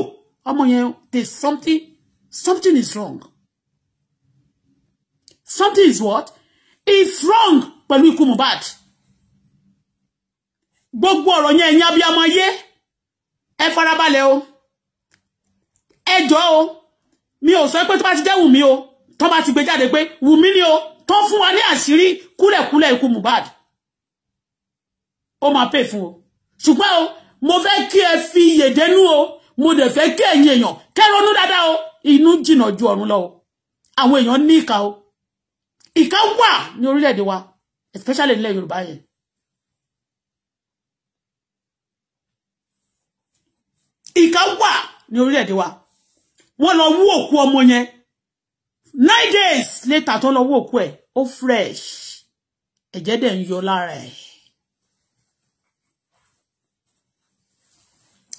ọmọ yẹn there's something something is wrong something is what is wrong pẹ̀lú ikú Mohbad gbogbo ọ̀rọ̀ yẹn ẹ̀yin abiyamọ yé ẹ farabalẹ̀ o ẹ jọ̀ọ́ o mi ò sọ pé tó bá ti dẹ́wù mi o tó bá ti gbé jáde pé Wùmí ni o tó fún wa ní àṣírí kúlẹ̀kúlẹ̀ ikú Mohbad ó máa pè fún o ṣùgbọ́n o mo fẹ́ kí ẹ fi yèdénú o mo dẹ̀ fẹ́ kí ẹ̀yin èèyàn kẹ́rọnú dáadáa o inú jìnnà ju ọ̀run lọ o àwọn èèyàn ní ìka o ìka wà ní orílẹ̀-èdè wa especially nílẹ̀ Yorùbá yẹn ìka wà ní orílẹ̀-èdè wa wọ́n lọ wú òkú ọmọ yẹn nine days later tó lọ wò òkú ẹ̀ ó fresh ẹ̀jẹ̀ dẹ̀ ń yọ lára ẹ̀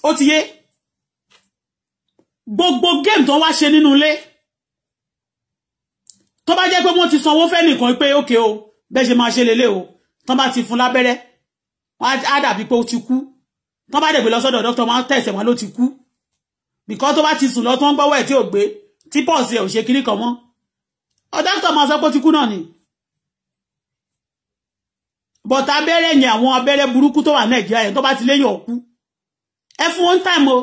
ó ti yé gbogbo game tó wá ṣe nínú ilé tó bá jẹ́ pé wọ́n ti sanwó fẹ́ nìkan pé ókè o bẹ́ẹ̀ ṣe máa ṣe lélẹ̀ o tó bá ti fún lábẹ́rẹ́ á dàbí pé ó ti kú tó bá dẹ̀gbẹ́ lọ́sọ́dọ̀ dókítà máa ń tẹ̀sẹ̀ wọn ló ti kú bìkọ́ tó bá ti sùn lọ tó ń gbọ́wọ́ ẹ̀ tí ò gbé tí pọ́ọ̀sì ẹ̀ ò ṣe kiri kan mọ́ ọ̀dọ́tọ̀ máa sọ pé ó ti kú náà ni bọ̀tà abẹ́rẹ́ yẹn àwọn abẹ́rẹ́ burúkú tó wà nàìjíríà yẹn tó bá ti léyìn ọ̀kú ẹ fún one time o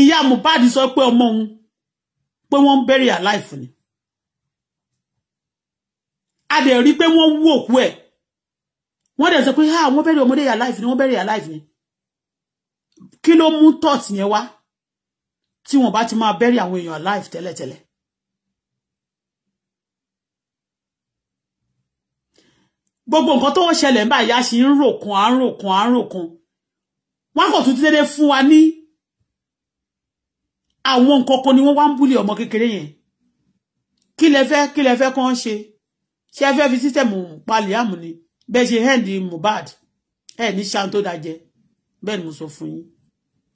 ìyá Mohbad sọ pé ọmọ òun pé wọ́n ń bury alive ni a dẹ̀ rí pé wọ́n wú òkú ẹ̀ wọ́n dẹ̀ sọ pé ha ah, wọ́n bury ọmọdé alive ni wọ́n bury alive ni kí ló mú tọ́ọ̀tì yẹn wá tí wọ́n bá ti máa bury àwọn èèyàn alive tẹ́lẹ̀tẹ́lẹ̀ gbogbo nǹkan tó wọ́n ṣẹlẹ̀ ń báyìí a sì ń ròkun à ń ròkun à ń ròkun wọ́n kò tún ti dédé fún wa ní àwọn nǹkan kan ni wọ́n wá ń búlẹ̀ ọmọ kékeré yẹn kí lẹ fẹ́ kí lẹ fẹ́ kàn ṣe ṣé ẹ fẹ́ fi sísẹ̀mù paliam ni bẹ́ẹ̀ ṣe hẹ́ǹdì Mohbad ẹ̀ ní ṣan tó dájẹ́ bẹ́ẹ̀ ni mo sọ fún yín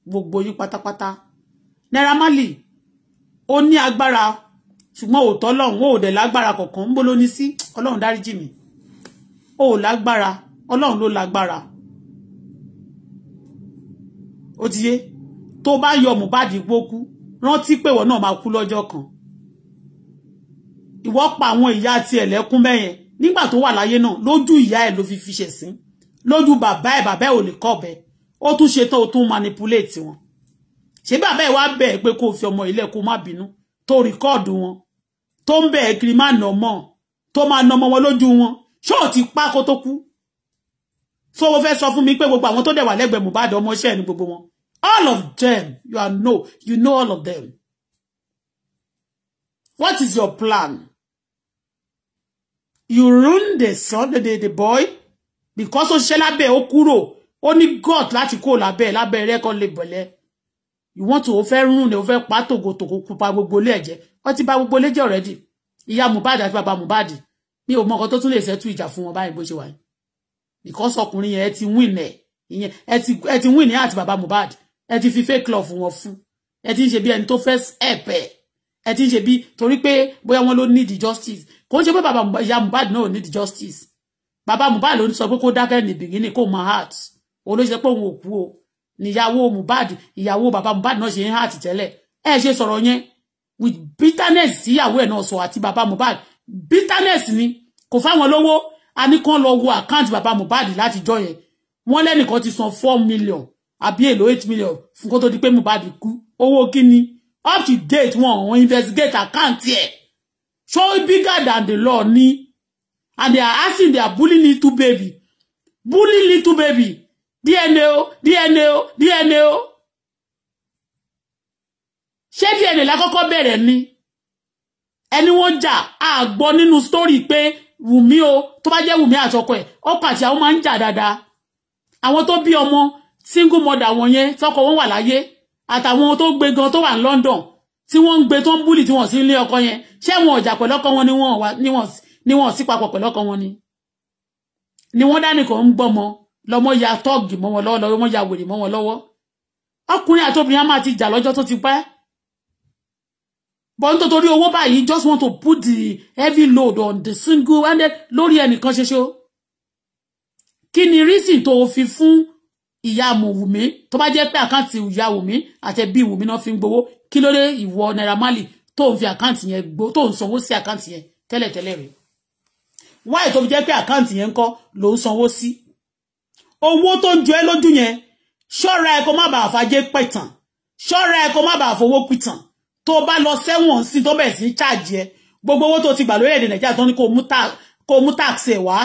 gbogbo yín pátápátá Naira Marley ó ní agbára ṣùgbọ́n òótọ́ ọlọ́run ó dẹ̀ lágbára kọ̀ọ̀kan ń bó ló ní sí ọlọ́run dáríjì mi o ò lágbára ọlọ́run ló lágbára ó ti yé tó bá yọ Mohbad gbókú rántí pé ìwọ náà máa kú lọ́jọ́ kan ìwọ pa àwọn ìyá ti ẹ̀lẹ́kún mẹ́yẹn nígbà tó wà láyé náà lójú ìyá ẹ̀ ló fi fi ṣẹ̀sín lójú bàbá ẹ̀ bàbá ẹ̀ ò lè kọ́ bẹ́ẹ̀ ó tún ṣe tán ó tún manipulate wọn ṣé bàbá ẹ̀ wá bẹ̀ ẹ́ pé kó o fi ọmọ ilé kó má bínú tó rìkọ́ọ̀dù wọn tó ń bẹ̀ ẹ́ kiri má nà ọmọ tó máa nà ọmọ wọn lójú wọn ṣó ò tó kú so o fẹ́ sọ fún mi pé gbogbo àwọn tó dẹ̀ lẹ́gbẹ̀ẹ́ Mohbad ọmọọṣẹ́ ẹ̀ gbogbo wọn all of them you are know you know all of them what is your plan you ruin the son the, the, the boy because ó ṣiṣẹ́ lábẹ́ ó kúrò ó ní God láti kó lábẹ́ lábẹ́ rẹ̀ kan lè bọ̀lẹ́ you want to o fẹ́ run ni o fẹ́ pa tògótògó kú pa gbogbo ilé ẹ̀jẹ̀ wọ́n ti bà gbogbo ilé jẹ́ already ìyá Mohbad àti bàbá Mohbad mi ò mọ nǹkan tó tún lè ṣẹ́tù ìjà fún wọn báyìí bó ṣe wà yìí because ọkùnrin yẹn ẹ ti win ẹ ìyẹn ẹ ti win ẹ àti bàbá Mohbad ẹ ti fi fake love wọn fún ẹ ti ń ṣe bí ẹni tó fẹ́ ẹ̀pẹ̀ ẹ ti ń ṣe bí torí pé bóyá wọn ló need justice kò ń ṣe pé bàbá ìyá Mohbad náà need justice bàbá Mohbad ló ń sọ pé kó dákẹ́ ní beginning kó mọ heart òun ló ṣe pé òun ò kú o níyàwó Mohbad ìyàwó bàbá Mohbad náà ṣe ń heart tẹ́lẹ̀ ẹ ṣe sọ̀rọ̀ yẹn with bitterness ìyàwó ẹ̀ náà sọ àti bàbá Mohbad bitterness ni kò fáwọn lówó a ní kán lọ wo àkáǹtì bàbá Mohbad láti jọ yẹn wọ́n lẹ́nìkan ti san four million àbí èlò eight million fún kó tó di pé Mohbad kú owó kíni up to date wọn wọn investigate àkáǹtì ẹ̀ show bigger than the law ni and they are asking they are bullying little baby bullying little baby DNA o DNA o DNA o ṣé DNA lákọ́kọ́ bẹ̀rẹ̀ ni ẹni wọ́n jà á gbọ́ nínú story pé wùmí o tó bá jẹ́ wùmí àtọkọ ẹ̀ ọkọ àti àwọn máa ń jà dáadáa àwọn tó bí ọmọ single mother wọn yẹn tọkọ wọn wà láyé àtàwọn tó gbé gan tó wà ní London tí wọ́n ń gbé tó ń búlì tí wọ́n sì ń lé ọkọ yẹn ṣé wọn ọjà pẹ̀lú ọkọ wọn ni wọ́n sì papọ̀ pẹ̀lú ọkọ wọn ni ni wọ́n dánìkan ń gbọ́mọ lọ́mọ ya tọ́ọ̀gì mọ́ wọn lọ́wọ́ lọ́wọ́ ya wèrè mọ́ wọn lọ́wọ́ ọkùnrin àtobìnrin á máa ti jà lọ́jọ́ tó ti pẹ́ but nítorí owó báyìí you just want to put the heavy load on the single and then lórí ẹnìkan ṣoṣo kí ni reason to fi fún ìyá Wùmí tó bá jẹ́ pé àkáǹtì ìyá Wùmí àti ẹbí Wùmí náà fi ń gbowó kí ló dé ìwọ Naira Marley tó ń fi àkáǹtì yẹn gbó tó ń sanwó sí àkáǹtì yẹn tẹ́lẹ̀tẹ́lẹ̀ rẹ̀ wáyé tó fi jẹ́ pé àkáǹtì yẹn ń kọ́ ló ń sanwó sí owó tó ń jọ ẹ́ lójú yẹn ṣọ́ra ẹ kó má bàa fàjẹ́ pẹ̀tàn ṣọ́ra ẹ kó má tó bá lọ sẹ́wọ̀n sí tó bẹ̀rẹ̀ sí charge ẹ gbogbo owó tó ti gbà lórílẹ̀-èdè nàìjíríà tó ní kó mú tax ẹ̀ wá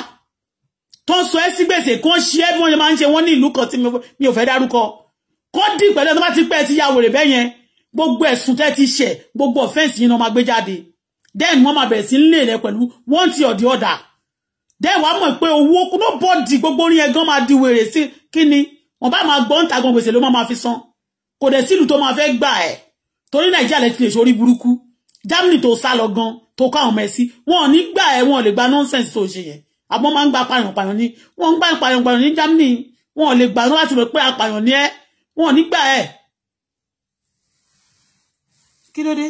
tó ń sọ ẹ́ sí gbèsè kó ń ṣe é bí wọ́n ṣe máa ń ṣe wọ́n ní ìlú kan tí mi ò fẹ́ dárúkọ kó dì pẹ̀lú tó bá ti pẹ́ ti ya wèrè bẹ́ẹ̀ yẹn gbogbo ẹ̀sùn tẹ́ ti ṣẹ̀ gbogbo ọ̀fẹ́ǹsì yìí ni wọ́n máa gbé jáde then wọ́n máa bẹ̀rẹ̀ sí ń lé rẹ pẹ̀lú one ti ọ̀dí ọ̀dà then wàá mọ̀ pé owó nobody gbogbo orin ẹ̀gán máa di wèrè sí kí ni wọ́n bá máa gbọ́ ń ta gan gbèsè ló máa fi san kò dẹ̀ sílùú tó máa fẹ́ gbà ẹ̀ torí nàìjíríà lẹ́tí lè ṣorí burúkú germany tó sá lọ gan tó kọ́ àwọn ọmọ ẹ̀ sí wọn ò ní gbà ẹ̀ wọn ò lè gba nonsense tó ṣe yẹn àmọ́ máa ń gba apàyànpàyàn ní wọ́n ń gba apàyànpàyàn ní germany wọn ò lè gbà wọn láti mọ̀ pé apàyàn ní ẹ́ wọn ò ní gbà ẹ̀. kí ló dé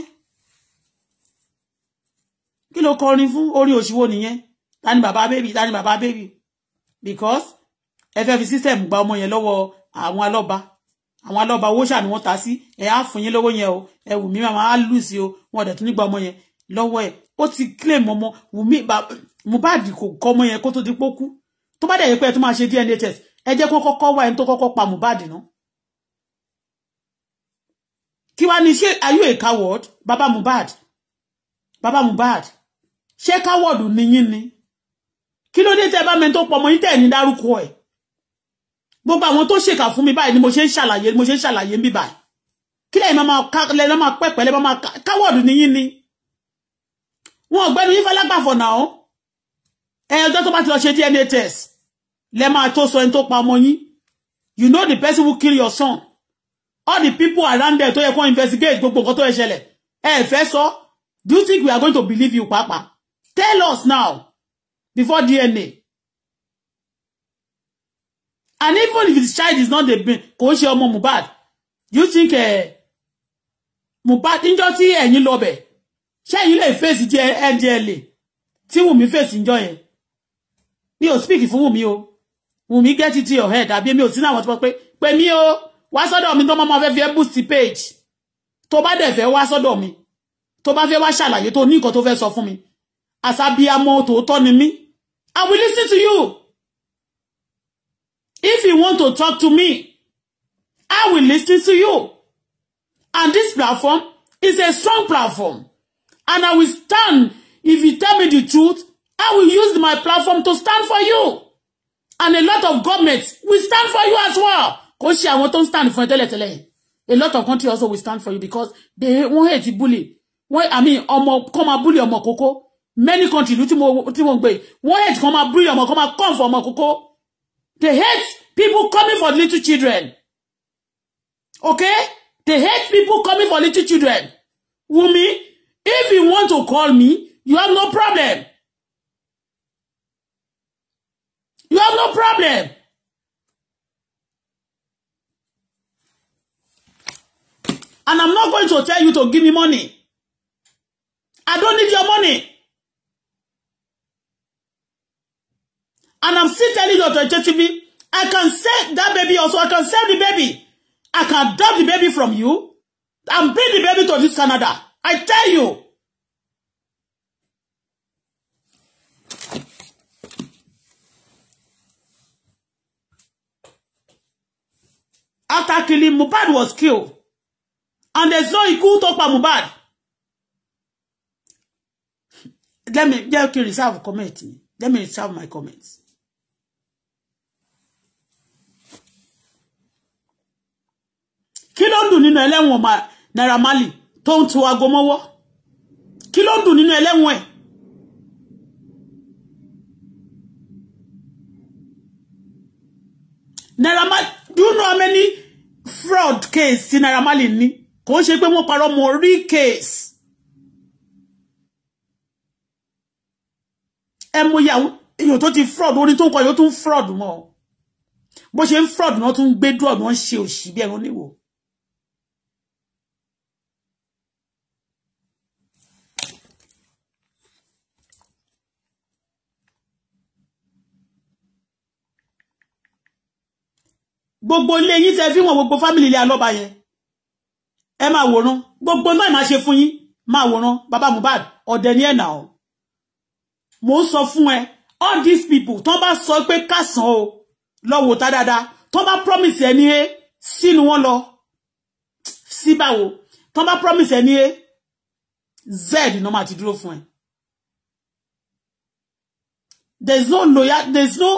kí ló kọrin fún orí òṣìwò nìyẹn ta ni bàbá bébì ta ni bàbá bébì because ẹ fẹ́ fi system gba ọmọ yẹn lọ́wọ́ àwọn alọ́ba àwọn alọ́ba owó ṣà ni wọ́n ta sí ẹ á fún yín lówó yẹn o ẹ wù mí màmá á lù sí o wọn ọ̀dẹ̀ tún nígbà ọmọ yẹn lọ́wọ́ ẹ̀ ó ti claim ọmọ wùmí Mohbad kò kọ́ ọmọ yẹn kó tó di pókú tó bá dẹ̀ yẹ pé ẹ tún máa ṣe DNA ẹ jẹ́ kó kọ́kọ́ wá ẹni tó kọ́kọ́ pa Mohbad náà kí wá ní ṣé are you a coward baba Mohbad baba Mohbad ṣé coward nìyí ni kí ló dé tẹ bá mi tó pọ̀ mọ́ yín tẹ ní dárúkọ ẹ̀ gbogbo àwọn tó ṣèkà fún mi báyìí ni mo ṣe ń ṣàlàyé mo ṣe ń ṣàlàyé ń bí báyìí kí lẹ́yìn máa ká lẹ́yìn máa pẹ́ pẹ́lẹ́ máa káwọ́ọ̀dù ni yín ni wọn ò gbẹ́nu yín falágbàfọ̀ náà ó ẹ ọjọ́ tó bá ti lọ ṣe DNA test lẹ́ máa tó sọ ẹni tó pa ọmọ yín you know the person who kill your son all the people around there tó yẹ kó investigate gbogbo nǹkan tó yẹ ṣẹlẹ̀ ẹ fẹ́ sọ do you think we are going to believe you pàápàá tell us now before DNA and even if his child is not the baby kò ṣe ọmọ Mohbad you think uh, Mohbad níjọ́ tí ẹ̀yin lọ bẹ̀ ṣé ẹ̀yin lè fèsì jẹ ndla tí Wùmí fèsì níjọ́ yẹn mi ò speak fún Wùmí whom you get it to your head àbí mi ò sí now wọ́n ti pọ̀ pé pé mi o wá sọ́dọ̀ mi tó mọ́ máa fẹ́ fi ẹ́ boost page tó bá dẹ̀ fẹ́ wá sọ́dọ̀ mi tó bá fẹ́ wá ṣàlàyé tó ní nǹkan tó fẹ́ sọ fún mi àṣàbíamọ tòótọ́ ni mí I will listen to you. If you want to talk to me, I will listen to you. And this platform is a strong platform. And I will stand. If you tell me the truth, I will use my platform to stand for you. And a lot of governments will stand for you as well. Kò I want to stand for ẹ A lot of countries also will stand for you because they wọ́n hate bully. Wọ́n I mean ọmọ kọ́ máa bully ọmọ kókó. Many countries ló tí mo gbé. Wọ́n hate kọ́ máa bully ọmọ come máa come for ọmọ kókó. They hate people coming for little children. Okay? They hate people coming for little children. Wumi, if you want to call me, you have no problem. You have no problem. And I'm not going to tell you to give me money. I don't need your money. And I'm still telling you authoritatively, I can save that baby also. I can save the baby. I can adopt the baby from you and bring the baby to this Canada. I tell you. After killing, Mubad was killed. And there's no equal talk about Mohbad. Let me, let me reserve comment. Let me reserve my comments. kí ló ń dùn nínú ẹlẹ́wọ̀n Naira Marley tó ń tu aago mọ́wọ́ kí ló ń dùn nínú ẹlẹ́wọ̀n ẹ̀. Naira Marley do you know how many fraud case ti Naira Marley ní kò ń ṣe pé wọ́n parọ́ mọ́ rí case. ẹ mọ ìyàwó èèyàn tó ti fraud orin tó ń kọ yóò tún fraud mọ́ bó ṣe ń fraud náà tún ń gbé drug wọn ṣe òṣì bí ẹran níwò gbogbo ilé yín tẹ́ fi wọ́n gbogbo family ilé alọ́ba yẹn ẹ máa wòran gbogbo náà máa ṣe fún yín máa wòran bàbá Mohbad ọ̀dẹ̀ ni ẹ̀ nà ọ́ mo ń sọ fún ẹ all these people tán bá sọ pé kásán o lọ wò dáadáa tán bá promise ẹ ní e sínú wọn lọ sí báwo tán bá promise ẹ ní e z ní ọmọ àti dúró fún ẹ there is no loyal there is no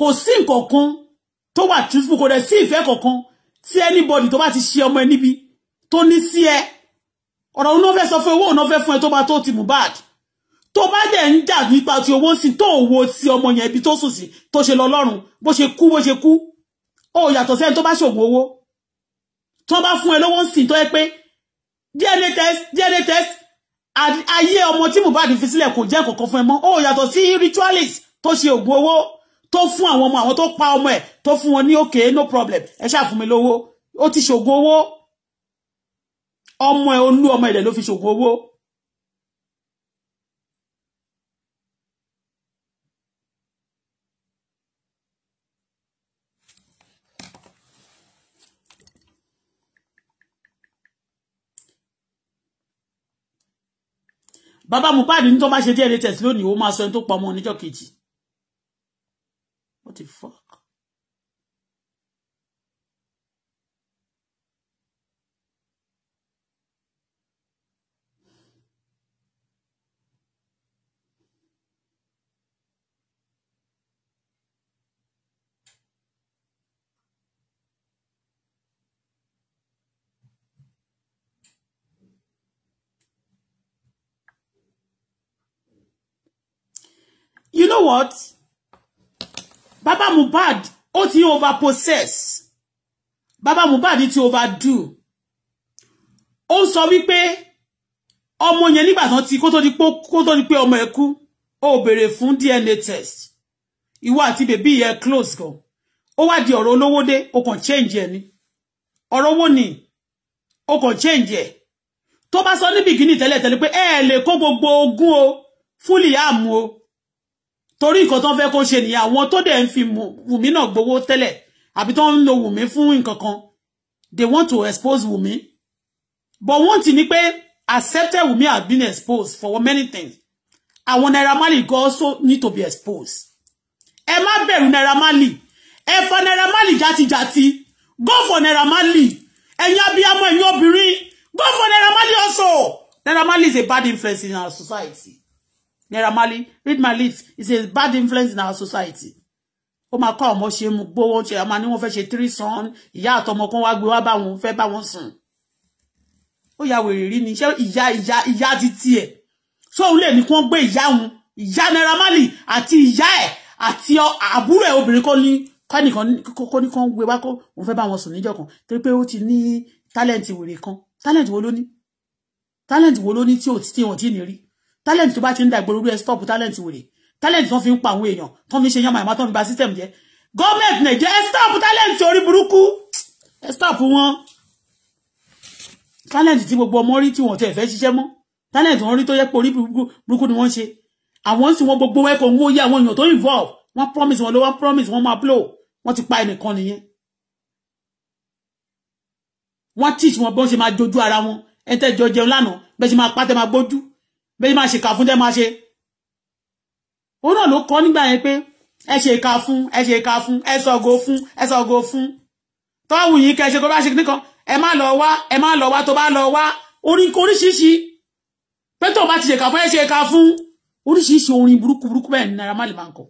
kò sí nǹkan kan To wà truthful kò dẹ̀ sí ìfẹ́ kankan tí anybody tó bá ti ṣe ọmọ ẹ níbi tó ní sí ẹ ọ̀rọ̀ òun náà fẹ́ sọ fún owó òun náà To fún ẹ tó bá tó ti Mohbad tó bá dẹ̀ ń jà nípa ti owó sí tó wo ti ọmọ yẹn ibi tó sùn sí tó ṣe lọ lọ́rùn bó ṣe kú bó ṣe kú ó yàtọ̀ sẹ́ni To bá ṣògùn owó tó bá fún ẹ lówó sí tó yẹ pé DNA test DNA test ayé ọmọ tí bad? fi sílẹ̀ kò jẹ́ kọ̀ọ̀kan fún ẹ mọ́ ó to sí ritualist tó ṣe ògùn owó tó fún àwọn ọmọ àwọn tó pa ọmọ ẹ̀ tó fún wọn ní òkè no problem ẹ ṣáà fún mi lówó ó ti ṣògùn owó ọmọ ẹ̀ olú ọmọ ilẹ̀ ló fi ṣògùn owó bàbá Mohbad ní tó bá ṣe díẹ̀ latest lónìí ó máa sọ ẹni tó pa ọmọ oníjọ́ kejì the fuck? You know what? Baba mubad, ó ti over possess bàbá Mohbad ti overdo ó sọ wípé ọmọ yẹn nígbà tán ti kó di pé koto di pe ọmọ ẹ̀ kú ó béèrè DNA test Iwa àti bèbí yẹn close go. ó wá di ọ̀rọ̀ olówó dé ó kàn change ẹ̀ ni ọ̀rọ̀ owó ni o kon change ẹ̀ tó bá sọ ní tele tẹ́lẹ̀ tẹ́lẹ̀ pé ẹ lè kó gbogbo ogún o fún Liam o torí nǹkan tó fẹ́ kó ṣe nìyẹn àwọn tó dẹ̀ ń fi Wùmí náà gbowó tẹ́lẹ̀ àbí tó ń lo Wùmí fún nǹkan kan they want to expose Wùmí but wọ́n ti ní pé accepted Wùmí has been exposed for many things àwọn Naira Marley go also need to be exposed ẹ má bẹ̀rù Naira Marley ẹ fa Naira Marley játijàti go for Naira Marley ẹ̀yin abiyamọ ẹ̀yin obìnrin go for Naira Marley also Naira Marley is a bad influence in our society. Neramali, read my lips. It's a bad influence in our society. Ó máa kọ́ ọmọ ṣe mú gbówó ṣe àmà ní wọ́n fẹ́ ṣe threesome. Ìyá àtọmọ kan wá gbé wá bá wọn fẹ́ bá wọn sùn. Ó ya wèrè rí ni ṣé ìyá ìyá iya ti tiẹ̀. Ṣé òun lè ní kí wọ́n gbé ìyá òun? Ìyá Naira Marley àti ìyá ẹ̀ àti àbúrò ẹ̀ obìnrin kọ́ ní kọ́nìkan kó ní kan gbé wá kó òun fẹ́ bá wọn sùn níjọ́ kan torí pé ó ti ní tálẹ̀ǹtì wèrè kan tálẹ̀ǹtì wo ló ní tálẹ̀ǹtì wo ló ní tí ò tí wọn ti ní rí talent tó bá ti ń da ìgboro rẹ stop talent wèrè talent tó fi ń pa àwọn èèyàn tó fi ń ṣe yánmà ìmọ̀ tó fi ba system jẹ́ gọ́ọ̀mẹ̀tì nàìjíríà ẹ stop talent orí burúkú ẹ stop wọn talent tí gbogbo ọmọ rí tí wọn tẹ̀ fẹ́ ṣiṣẹ́ mọ́ talent wọn rí to yẹ pé orí burúkú ni wọ́n ṣe àwọn sì wọn gbogbo ẹ̀kọ́ owó yẹ àwọn èèyàn tó involve wọ́n promise wọn ló wọ́n promise wọ́n máa blow wọ́n ti pa ẹnìkan nìyẹn wọ́n teach wọn bí wọ́n ṣe máa jojú ara wọn ẹ tẹ́ jọ jẹun lánàá bẹ́ẹ̀ ṣe máa pátẹ́ máa gbójú bẹ́ẹ̀ máa ṣèkà fún tẹ́ máa ṣe òun náà ló kọ́ nígbà yẹn pé ẹ ṣèkà fún ẹ ṣèkà fún ẹ sọ̀gò fún ẹ sọ̀gò fún tọ́wù yìí kẹ́ ṣe kó bá ṣe nìkan ẹ má lọ wá ẹ má lọ wá tó bá lọ wá orin kan oríṣiríṣi pé tó bá ti ṣèkà fún ẹ ṣèkà fún oríṣiríṣi orin burúkú burúkú bẹ́ẹ̀ ni Naira Marley máa ń kọ́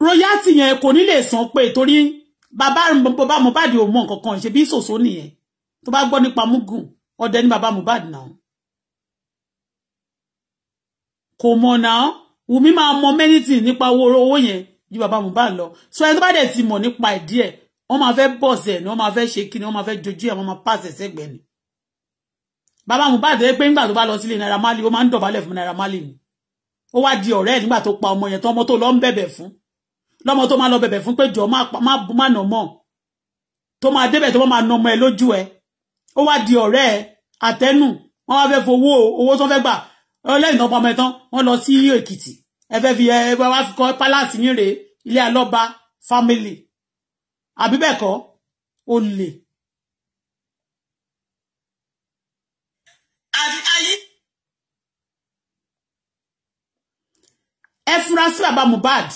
royalty yẹn kò ní lè san pé torí bàbá bàbá Mohbad ò mọ nǹkan kan ṣe bí sòsó nìyẹn tó bá gbọ́ nípa mugun ọdẹ ní bàbá Mohbad náà kò mọ̀ náà Wùmí máa mọ mẹ́nìtì nípa owó owó yẹn ju bàbá Mohbad lọ so ẹni tó bá dẹ̀ ti mọ̀ nípa ìdí ẹ̀ wọ́n máa fẹ́ bọ̀ sí ẹ̀ ni wọ́n máa fẹ́ ṣe kí ni wọ́n máa fẹ́ jojú ẹ̀ wọ́n máa pàṣẹ sẹ́gbẹ̀ ni bàbá Mohbad pé nígbà tó bá lọ sílé Naira Marley ó máa ń dọ̀bálẹ̀ fún Naira Marley ni ó wá di ọ̀rẹ́ ẹ̀ nígbà tó pa ọmọ yẹn tó ọmọ tó lọ ń bẹ̀bẹ̀ fún lọ́mọ tó máa lọ bẹ̀bẹ̀ fún pé jọ má nà mọ́ tó máa débẹ̀ tó máa nà ọmọ ẹ lójú ẹ ó wá di ọ̀rẹ́ ẹ àtẹnu wọn wá fẹ́ fowó owó tó fẹ́ gbà ọlẹ́yìn náà pamọ́ ẹ̀tàn wọn lọ sí èkìtì ẹ fẹ́ fi ẹ wá fi kọ́ pálásì yín rèé ilé alọ́ba family àbí bẹ́ẹ̀ kọ́ ó lè. ẹ fura sí bàbá Mohbad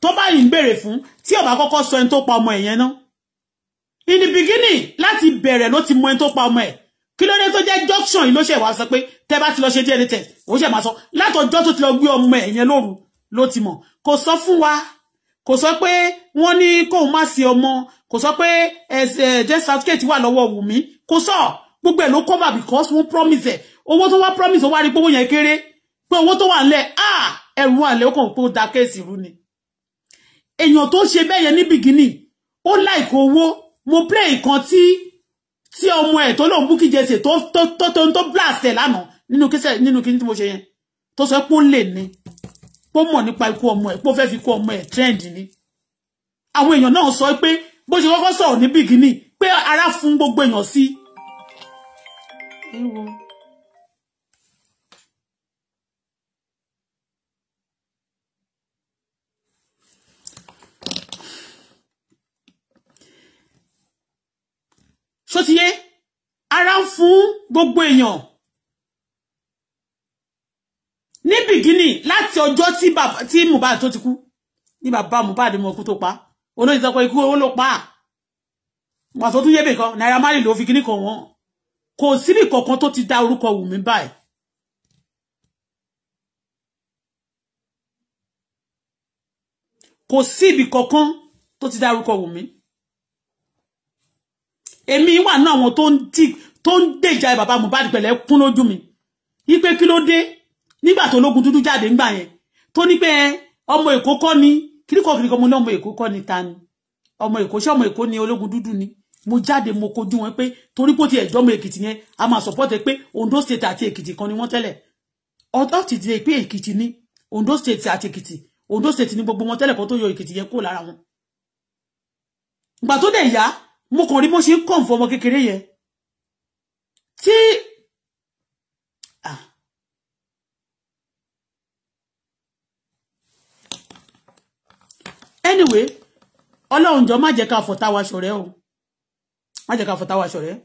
tó bá yìí ń béèrè fún tí ó bá sọ ẹni tó pa ọmọ ẹ̀yẹn náà in the beginning láti bẹ̀rẹ̀ ló ti mọ ẹni tó pa ọmọ ẹ̀ kí ló dé tó jẹ́ junction yìí ló ṣe wá sọ pé tẹ́ bá ti lọ ṣe DNA test ó ṣe máa sọ látọjọ́ tó ti lọ gbé ọmọ ẹ̀yẹn lóru ló ti mọ̀ kò sọ fún wa kò sọ pé wọ́n ní kóun má sí ọmọ kò sọ pé death eh, certificate wà lọ́wọ́ Wùmí kò sọ gbogbo ẹ̀ ló cover because wọ́n promise ẹ̀ owó tó wá promise ó wá rí pé owó yẹn kéré pé owó tó wà nílẹ̀ ah ẹ̀rù wà nílẹ̀ ó kàn pé ó da kéèsì rú ni èèyàn tó ṣe bẹ́ẹ̀ yẹn ní bìgínì ó láìkó owó mo play nǹkan tí tí ọmọ ẹ̀ tó lóun búkí jẹ́sẹ̀ tó tó tó tó tó blast ẹ̀ lánàá nínú kíṣẹ́ nínú kíní tí mo ṣe yẹn tó sọ pé ó lè ní pó mọ̀ nípa ikú ọmọ ẹ̀ pó fẹ́ fi kú ọmọ ẹ̀ trend ni àwọn èèyàn náà sọ pé bó ṣe kọ́kọ́ sọ̀rọ̀ ní bìgínì pé ara fún gbogbo èèyàn sí. Ewo. ṣó ti yé ara ń fún gbogbo èèyàn ní bìgínì láti ọjọ́ tí Mohbad tó ti kú ní bàbá Mohbad mọ ikú tó pa olóyìn sọ pé ikú owó ló pa pàtó tún yébè kan Naira Marley ló fi kíní kan wọn kò síbì kankan tó ti dá orúkọ Wùmí báyìí kò síbì kankan tó ti dá orúkọ Wùmí èmi wà náà àwọn tó ń tí tó ń dèjà bàbá Mohbad pẹ̀lẹ́ kún lójú mi wípé kí ló dé nígbà tó lógun dúdú jáde ńgbà yẹn tó ní pé ọmọ èkó kọ́ ni kíríkọ̀ kíríkọ̀ mo ní ọmọ èkó kọ́ ni ta ni ọmọ èkó ṣé ọmọ èkó ni ológun dúdú ni mo jáde mo kojú wọn pé torí bó ti ẹ̀jọ́ ọmọ èkìtì yẹn a máa sọ̀pọ̀tẹ̀ pé Ondo state àti èkìtì kan ni wọ́n tẹ́lẹ̀ ọ̀tọ̀ ti di pé èkìtì ni Ondo state àti èkìtì Ondo state ni gbogbo wọn tẹ́lẹ̀ kan tó yọ èkìtì yẹn kúrò lára wọn ìgbà tó dẹ̀ yá mo kàn rí bó ṣe ń kàn fún ọmọ kékeré yẹn tí ah. anyway ọlọ́run jọ má jẹ́ ká fọ̀tá wa ṣọ̀rẹ́ o má jẹ́ ká fọ̀tá wa ṣọ̀rẹ́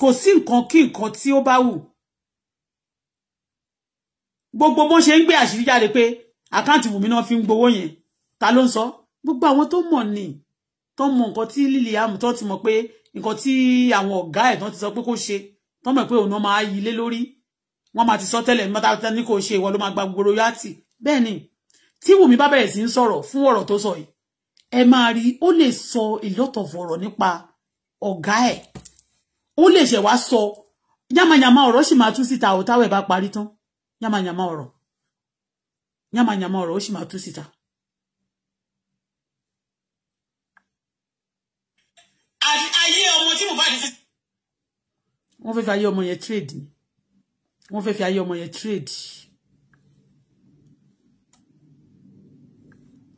kò sí nǹkan kí nǹkan tí ó bá wù gbogbo bó ṣe ń gbé àṣírí jáde pé àkáǹtì Wùmí náà fi ń gbowó yẹn ta ló ń sọ gbogbo àwọn tó mọ̀ ni tó mọ nǹkan tí Liliam tó ti mọ̀ pé nǹkan tí àwọn ọ̀gá ẹ̀ tán ti sọ pé kó ṣe tó mọ̀ pé òun máa yí lé lórí wọ́n máa ti sọ tẹ́lẹ̀ nígbà ní kò ṣe ìwọ ló máa gba gbogbo royalty bẹ́ẹ̀ ni tí Wùmí bá bẹ̀rẹ̀ sí ń sọ̀rọ̀ fún ọ̀rọ̀ tó sọ yìí ẹ máa rí ó lè sọ a lot of ọ̀rọ̀ nípa ọ̀gá ẹ̀ ó lè ṣẹ̀ wá sọ yàmàyàmà ọ̀rọ̀ sì máa tú síta ò táwọn ẹ̀ bá parí tán yàmàyàmà ọ̀rọ̀ yàmàyàmà ọ̀rọ̀ ó sì máa tú síta. ayé ọmọ tí mo bá di. wọ́n fẹ́ fi ayé ọmọ yẹn trade ni wọ́n fẹ́ fi ayé ọmọ yẹn trade.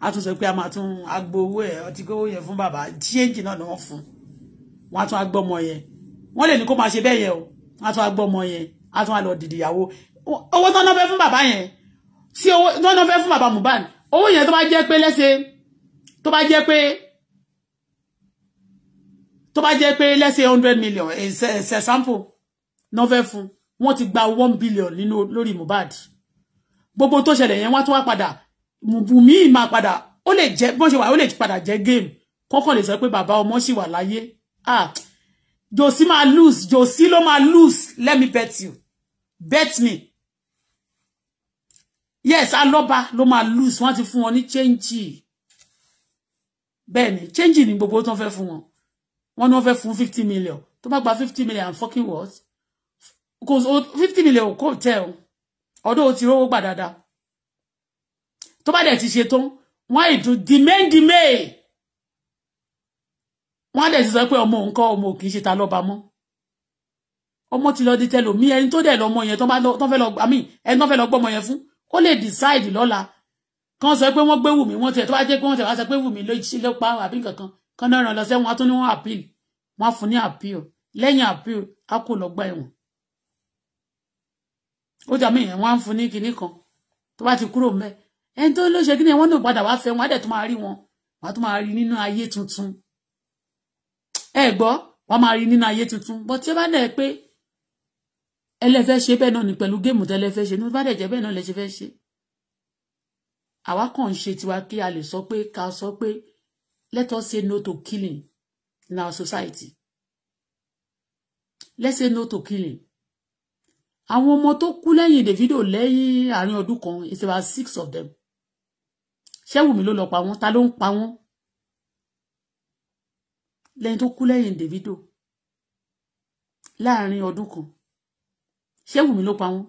a tún sọ pé a máa tún agbo owó ẹ̀ ọtí gbówó yẹn fún bàbá chíẹ́ǹjì náà ni wọ́n fún wọ́n á tún agbọ́ ọmọ yẹn wọ́n lè ní kó máa ṣe bẹ́ẹ̀ yẹn o wọ́n á tún agbọ́ ọmọ yẹn á tún àlọ́ dìdì ìyàwó owó tó ń náà fẹ́ fún bàbá yẹn tí owó náà fẹ́ fún bàbá Mohbad owó yẹn tó bá jẹ́ pé lẹ́sẹ̀ tó bá jẹ́ pé tó bá jẹ́ pé let's say hundred million ṣe eh, sample náà fẹ́ fún wọ́n ti gba one billion nínú lórí Mohbad gbogbo tó ṣẹlẹ̀ yẹn wọ́n tún wá padà Wùmí máa padà O le jẹ́ bó ṣe wà ó lè padà jẹ́ game kọ́kàn lè sọ pé bàbá ọmọ ṣì wà láyé ah Josie máa lose Josie ló máa lose let me bet you bet me yes aloba, lo ma lose wọ́n ti fun? wọn ní change bẹ́ẹ̀ ni change ni gbogbo tó ń fẹ́ fún wọ́n ní wọ́n fẹ́ fún fifty million tó bá gba fifty million and fucking what kò fifty million kò tẹ̀ ọ́ ọdún ó ti rówó gbà dáadáa tó bá dẹ̀ ti ṣe tán wọ́n á ètò dìmẹ́ǹdìmẹ́ wọ́n á dẹ̀ ti sọ pé ọmọ nǹkan ọmọ kì í ṣe ta lọ́ba mọ́ ọmọ ti lọ di tẹlòmí ẹni tó dẹ̀ lọ́mọ yẹn tó fẹ́ lọ àmì ẹni tó fẹ́ lọ gbọ́mọ yẹn fún ó lè decide lọ́la kan sọ pé wọ́n gbé wùmí wọ́n tẹ̀ tó bá jẹ́ pé wọ́n tẹ̀ wá sọ pé wùmí ló pa àbí nǹkan kan kan náà ràn lọ sẹ́wọ̀n á tún ní wọ́n appeal wọ́n fún ní appeal lẹ́yìn appeal á kò lọ́gbà ẹ̀wọ̀n ó dàmí ìyẹn wọ́n á fún ní kinní kan tó bá ti kúrò mẹ́ ẹni tó ló ṣe kí ni wọ́n náà padà wá fẹ́ wọn á dẹ̀ tún máa rí wọn wọ́n á tún máa rí nínú ayé tuntun ẹ gbọ́ wọ́n máa rí nínú ayé tuntun bọ́ tí ó bá dẹ̀ pé ẹlẹ́fẹ́ ṣe bẹ́ẹ̀ náà ni pẹ̀lú géèmù tẹ́lẹ́fẹ́ ṣe ní bá dẹ̀ jẹ́ bẹ́ẹ̀ náà lẹ́ ṣe fẹ́ ṣe àwa kàn ń ṣe tiwa kí a lè sọ pé ká sọ pé Let us say no to killing in our society. Let's say no to killing. Àwọn ọmọ tó kú lẹ́yìn Davido lẹ́yìn àárín ọdún kan it's about six of them. Ṣé Wùmí ló lọ pa wọ́n? Ta ló ń pa wọ́n? Lẹ́yìn tó kú lẹ́yìn Davido láàárín ọdún kan. Ṣé Wùmí ló pa wọ́n?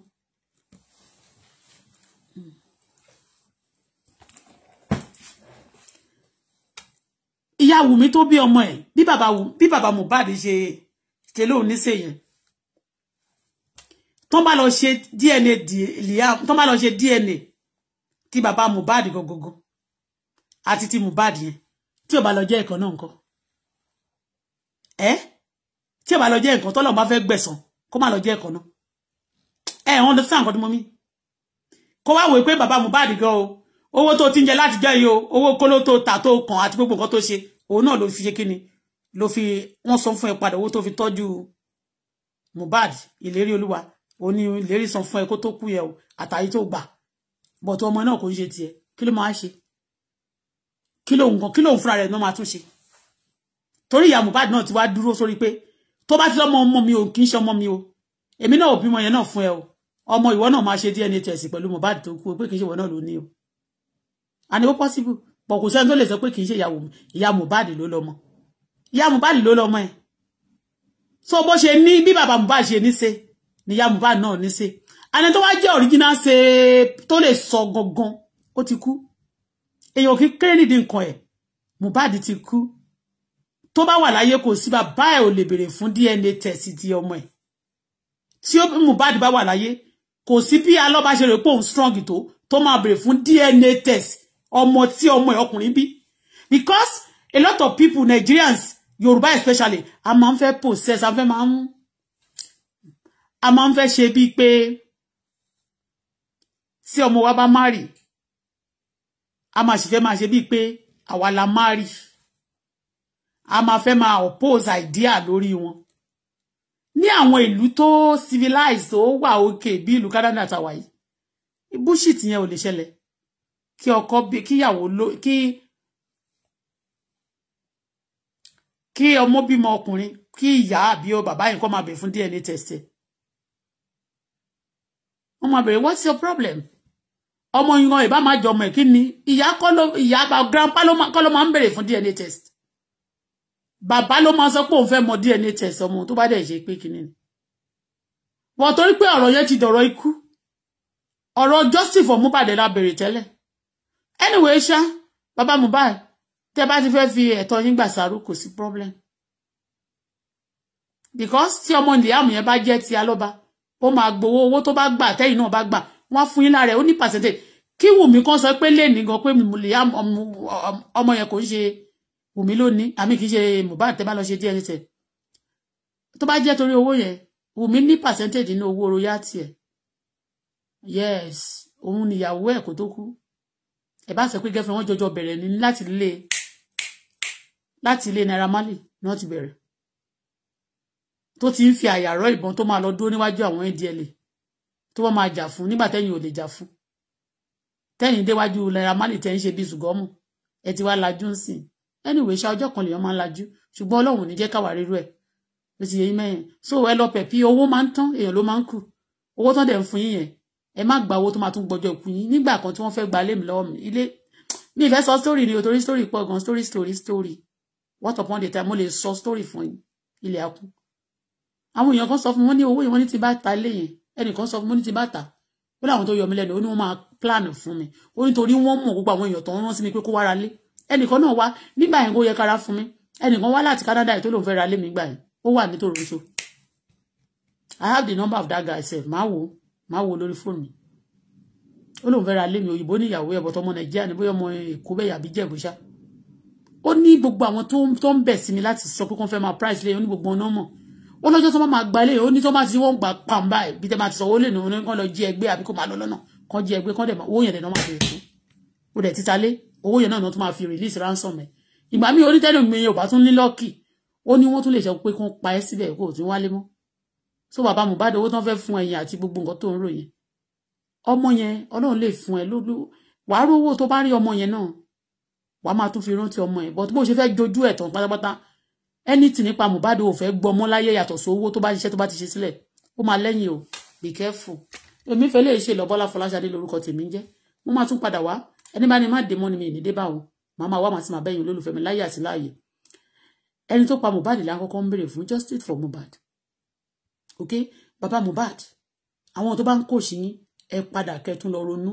ìyá Wùmí tó bí ọmọ baba bí bàbá bí bàbá Mohbad ṣe ṣe lóun níṣèyẹn tọ́n bá lọ ṣe DNA ìyá tọ́n bá lọ ṣe DNA ti bàbá Mohbad gogogo àti ti Mohbad yẹn tí ò bá lọ jẹ́ ìkan náà nǹkan ẹ́ tí ò bá lọ jẹ́ nǹkan tọ́lọ́run bá fẹ́ gbẹ̀san kó má lọ jẹ́ ìkan náà ẹ̀ wọ́n lọ sí àǹkan tí mo mí kó wá wò pé bàbá Mohbad gan o owó tó ti ń jẹ láti jẹ́ o owó kóló tó ta tó kàn àti gbogbo nǹkan tó ṣe òun náà ló fi ṣe kíni ló fi wọ́n san fún ẹ padà owó tó fi tọ́jú Mohbad ìlérí olúwa ó ní ìlérí san fún ẹ kó tó kú yẹ o àtàyè tó gbà bọ̀tú ọmọ náà kò ń ṣe tiẹ̀ kí ló máa ń ṣe kí ló nǹkan kí ló ń fúnra rẹ̀ náà máa tún ṣe torí ìyá Mohbad náà ti wá dúró sórí pé tó bá ti lọ́mọ ọmọ mi o kì í ṣe ọmọ mi o èmi náà ò bímọ yẹn náà fún ẹ o ọmọ ìwọ náà máa ṣe DNA test pẹ̀lú Mohbad tó kú pé kì í ṣe ìwọ náà ló ní o and it was possible bọ̀ kò sẹ́ni tó lè sọ pé kì í ṣe ìyàwó ìyá Mohbad ló lọ́mọ ìyá Mohbad ló lọ́mọ ẹ̀ so bó ṣe ní bí bàbá Mohbad ṣe ní ṣe ni ìyá Mohbad náà ní ṣe àni tó wá jẹ́ original ṣe tó lè sọ gangan ó ti kú èèyàn kí kéré nídìí nǹkan ẹ̀ Mohbad ti kú tó bá wà láyé kò sí bàbá ẹ̀ ò lè béèrè fún DNA test ti ọmọ ẹ̀ tí Mohbad bá wà láyé kò sí bí alọ́ba ṣe rè pé òun strong tó tó máa béèrè fún DNA test ọmọ tí ọmọ ẹ̀ ọkùnrin bí because a lot of people Nigerians Yoruba especially a máa ń fẹ́ possess a fẹ́ máa ń a máa ń fẹ́ ṣe bíi pé tí ọmọ wa bá márì a máa sì fẹ́ máa ṣe bíi pé àwa la márì a máa fẹ́ máa oppose idea lórí wọn ní àwọn ìlú tó civilized tó wà òkè bí ìlú Canada tàwa yìí bullshit yẹn ò lè ṣẹlẹ̀ kí ọkọ bí kíyàwó ló kí kí ọmọ bímọ ọkùnrin kí ìyá àbí ọ bàbá yìí kọ́ máa bèèrè fún DNA test wọ́n máa bèèrè what's your problem ọmọ yan ìbá máa jọ ọmọ ẹ̀ kí ni ìyá kọ́ ló ìyá bá grandpa kọ́ ló máa ń bèèrè fún DNA test bàbá ló máa sọ pé òun fẹ́ mọ DNA test ọmọ tó bá dẹ̀ ṣe pé kí ni wọ́n torí pé ọ̀rọ̀ yẹn ti dọ̀rọ̀ ikú ọ̀rọ̀ justice for Mohbad la bèèrè tẹ́lẹ̀ anyway ṣá baba mobile, tẹ́ bá ti fẹ́ fi ẹ̀tọ́ yín gbà sáró kò sí problem because tí ọmọ Liam yẹn bá jẹ́ ti alọ́ba ó máa gbowó ba. tó bá gbà tẹ́yìn náà bá gbà wọ́n á fún yín lára ẹ̀ ó ní pàṣẹ́tẹ̀ kí Wùmí kan sọ pé lè ní gan pé Liam ọmọ yẹn kò ń ṣe Wùmí lónìí àmì kì í ṣe Mohbad tẹ́ bá lọ ṣe DNA test tó bá jẹ́ torí owó yẹn Wùmí ní pàṣẹ́tẹ̀ nínú owó royalty ẹ̀ yes òun nìyàwó ẹ̀ kó tó kú ẹ bá sọ pé girlfriend wọn jọjọ bẹ̀rẹ̀ ní láti ilé láti ilé Naira Marley ni wọn ti bẹ̀rẹ̀ tó ti ń fi àyàrọ ìbọn tó máa lọ dúró níwájú àwọn ndla tó wọn máa jà fún nígbà tẹ̀yin ò lè jà fún tẹ̀yin déwájú Naira Marley tẹ ṣe bíi ṣùgọ́mù ẹ ti wá lajú ń sìn anyway ṣá ọjọ́ kan lèèyàn máa ń lajú ṣùgbọ́n Ọlọ́run ò ní jẹ́ káwa rírú ẹ̀ ló ti yẹ yín mẹ́yìn so ẹ lọ pẹ̀pí owó máa ń tán èèyàn ló máa ń kù owó tán dẹ̀ ń fún yín yẹn ẹ má gba owó tó máa tún gbọ́jọ́ ikú yín nígbà kan tí wọ́n fẹ́ gba ilé mi lọ́wọ́ mi ilé mi ìfẹ́ sọ story ni o torí story pọ̀ gan story story story what upon the time mo lè sọ story fún yín ilé akú àwọn èèyàn kan sọ fún wọn ní owó yìí wọ́n ní ti bá ta ilé yẹn ẹnìkan sọ fún wọn ní ti bá ta ó láwọn tó yọ mí lẹ́nu ó ní wọ́n máa plan fún mi ó ní torí wọ́n mọ̀ gbogbo àwọn èèyàn tó ń rán sí mi pé kó wára lé ẹnìkan náà wá nígbà yẹn kó yẹ kára fún mi ẹnìkan wá láti Canada yìí tó lòun fẹ́ ra lé mi gbà yẹn ó wà ní Toronto I have the number of that guy sef máa wò ó má wo lórí fóònù mi ó lóun fẹ́ra lé mi òyìnbó níyàwó ẹ̀ bọ́tọ́ ọmọ nàìjíríà ní bóyá ọmọ èkó bẹ́ẹ̀ yàbí jẹ̀bú ṣá ó ní gbogbo àwọn tó ń bẹ̀ sí mi láti sọ pé kó fẹ́ máa price lé ó ní gbogbo ọ̀nà mọ̀ ó lọ́jọ́ tó máa gba ilé ó ní tó máa ti wọ́n gbà pàmbá ẹ̀ bí tẹ́ máa ti sọ ó lè nù ní kán lọ jí ẹgbẹ́ àbí kó máa lọ lọ́nà kán jí ẹgbẹ́ kán dẹ̀ owó yẹn dẹ̀ náà máa ransom ẹ̀ ìgbà míì onítẹ̀lẹ̀ mi ò bá tún ní lọ́ọ̀kì ó ní wọ́n tún lè so bàbá Mohbad owó tán fẹ́ fún ẹyin àti gbogbo nǹkan tó ń ròyìn ọmọ yẹn Ọlọ́run lè fún ẹ lólú wàá rówó tó bá rí ọmọ yẹn náà wàá máa tún fi rántí ọmọ yẹn but bó ṣe fẹ́ jojú ẹ̀ tán pátápátá ẹnìtì nípa Mohbad ò fẹ́ gbọmọ láyé yàtọ̀ sówó tó bá ṣiṣẹ́ tó bá ti ṣe sílẹ̀ ó máa lẹ́yìn o be careful èmi fẹ́ lè ṣe lọ́bọ́lá Fọláṣadé lórúkọ tèmi ń jẹ́ mo máa tún padà wá ẹni bá ní má dé mọ́ ni mi ní dé bá o màá máa wá màá sì máa bẹ́yìn olólùfẹ́ mi láyé àti láàyè ẹni tó pa Mohbad lákọ́kọ́ ń béèrè fún justice for Mohbad ok bàbá Mohbad àwọn tó bá ń kò sí yín ẹ padà kẹtún lọ ronú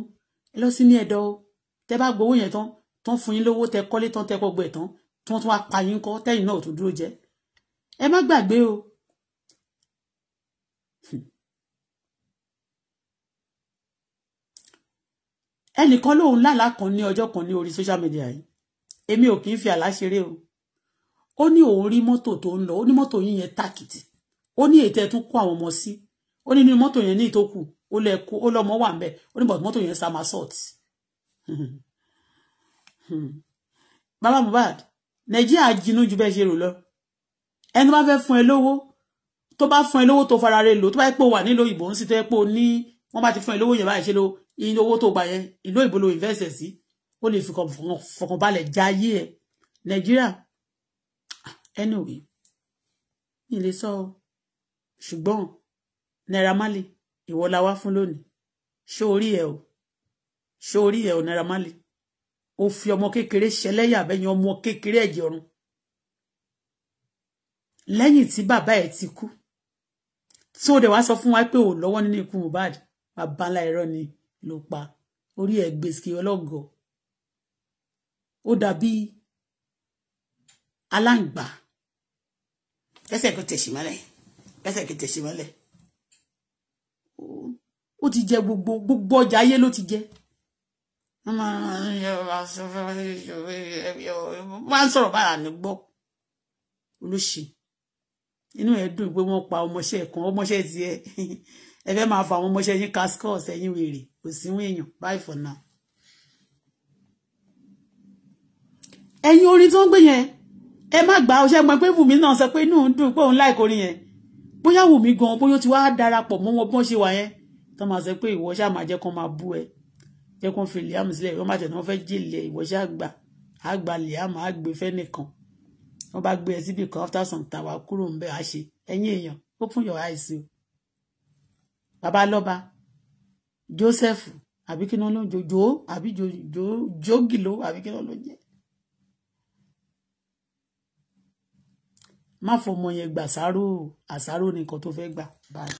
ẹ lọ sí ní ẹdọ o tẹ bá gbowó yẹn tán tán fún yín lówó tẹ kọ́lé tán tẹ kọgbẹ tán tán tún wá pa yín kọ tẹ̀yin náà tó dúró jẹ ẹ má gbàgbé o ẹnìkan lòun lálàá kan ní ọjọ́ kan ní orí social media yìí èmi ò kì í fi àlá ṣeré o ó ní òun rí mọ́tò tó ń lọ ó ní mọ́tò yín yẹn tàkìtì ó ní ètò ẹ tún kó àwọn ọmọ sí ó ní nínú mọ́tò yẹn ní ìtókù ó lẹ kó ó lọmọ wà ńbẹ̀ ó ní bọtò mọ́tò yẹn sàmà sọt bàbá Mohbad nàìjíríà jinú ju bẹ́ẹ̀ ṣe rò lọ ẹni tó bá fẹ́ fún ẹ lówó tó bá fún ẹ lówó tó fara rẹ lò tó bá pò wà nílò ìbò ń sì tó pò ní wọ́n bá ti fún ẹ lówó yẹn báyìí ṣe lo iye owó tó gbà yẹn ìlú ìbò lo invest sí ó lè fi fọkànbalẹ̀ jayé ẹ nàìjíríà anyway mi lè sọ ọ ṣùgbọ́n Naira Marley ìwọ la wá fún lónìí ṣó orí ẹ o ṣó orí ẹ o Naira Marley ó fi ọmọ kékeré ṣẹlẹ́yà bẹ́yìn ọmọ kékeré ẹ̀jẹ̀ ọ̀run lẹ́yìn tí bàbá ẹ̀ ti kú tí ó dẹ̀ wá sọ fún wa pé ò lọ́wọ́ nínú ikú Mohbad bàbá ńlá irọ́ ni ló pa orí ẹ̀ gbèsè ọlọ́gọ̀ọ́ ó dàbí aláǹgbá ẹsẹ̀ kò tẹ̀sí mọ́lẹ̀ lẹ́sẹ̀ kẹtẹ̀ ṣe mọ́lẹ̀ ó ti jẹ gbogbo gbogbo ọjà ayé ló ti jẹ máa ń sọ̀rọ̀ bára ní gbọ́ olóṣì inú ẹ̀ dùn pé wọ́n pa ọmọọṣẹ́ kan ọmọọṣẹ́ ti ẹ ẹ fẹ́ máa fa àwọn ọmọọṣẹ́ yín cascos ẹ̀yìn wèrè kò síwọ̀n èèyàn báyìí for now. ẹ̀yin orin tó ń gbé yẹn ẹ má gbà ọṣẹ́ gbọ́n pé bùnmi náà sọ pé inú ń dùn pé òun láìkórin yẹn bóyá wù mí gan bóyá ó ti wá darapọ̀ mọ́ wọn bọ́n ṣe wà yẹn tó máa sọ pé ìwọ ṣáà máa jẹ́ kó máa bú ẹ jẹ́ kó fi liam sílẹ̀ wọ́n bá tẹ̀lé wọ́n fẹ́ jìnlẹ̀ ìwọ ṣáà gbà á gba liam á gbé fẹ́ nìkan wọ́n bá gbé ẹ síbi kan after some time wá kúrò ń bẹ́ á ṣe ẹ̀yìn èèyàn open your eyes o babalọ́ba joseph àbí kí ni wọ́n ló ń jojo àbí jogi ló àbí ló ń má fọmọ yẹn gbà sáró àsáró nìkan tó fẹ́ gbà báyìí.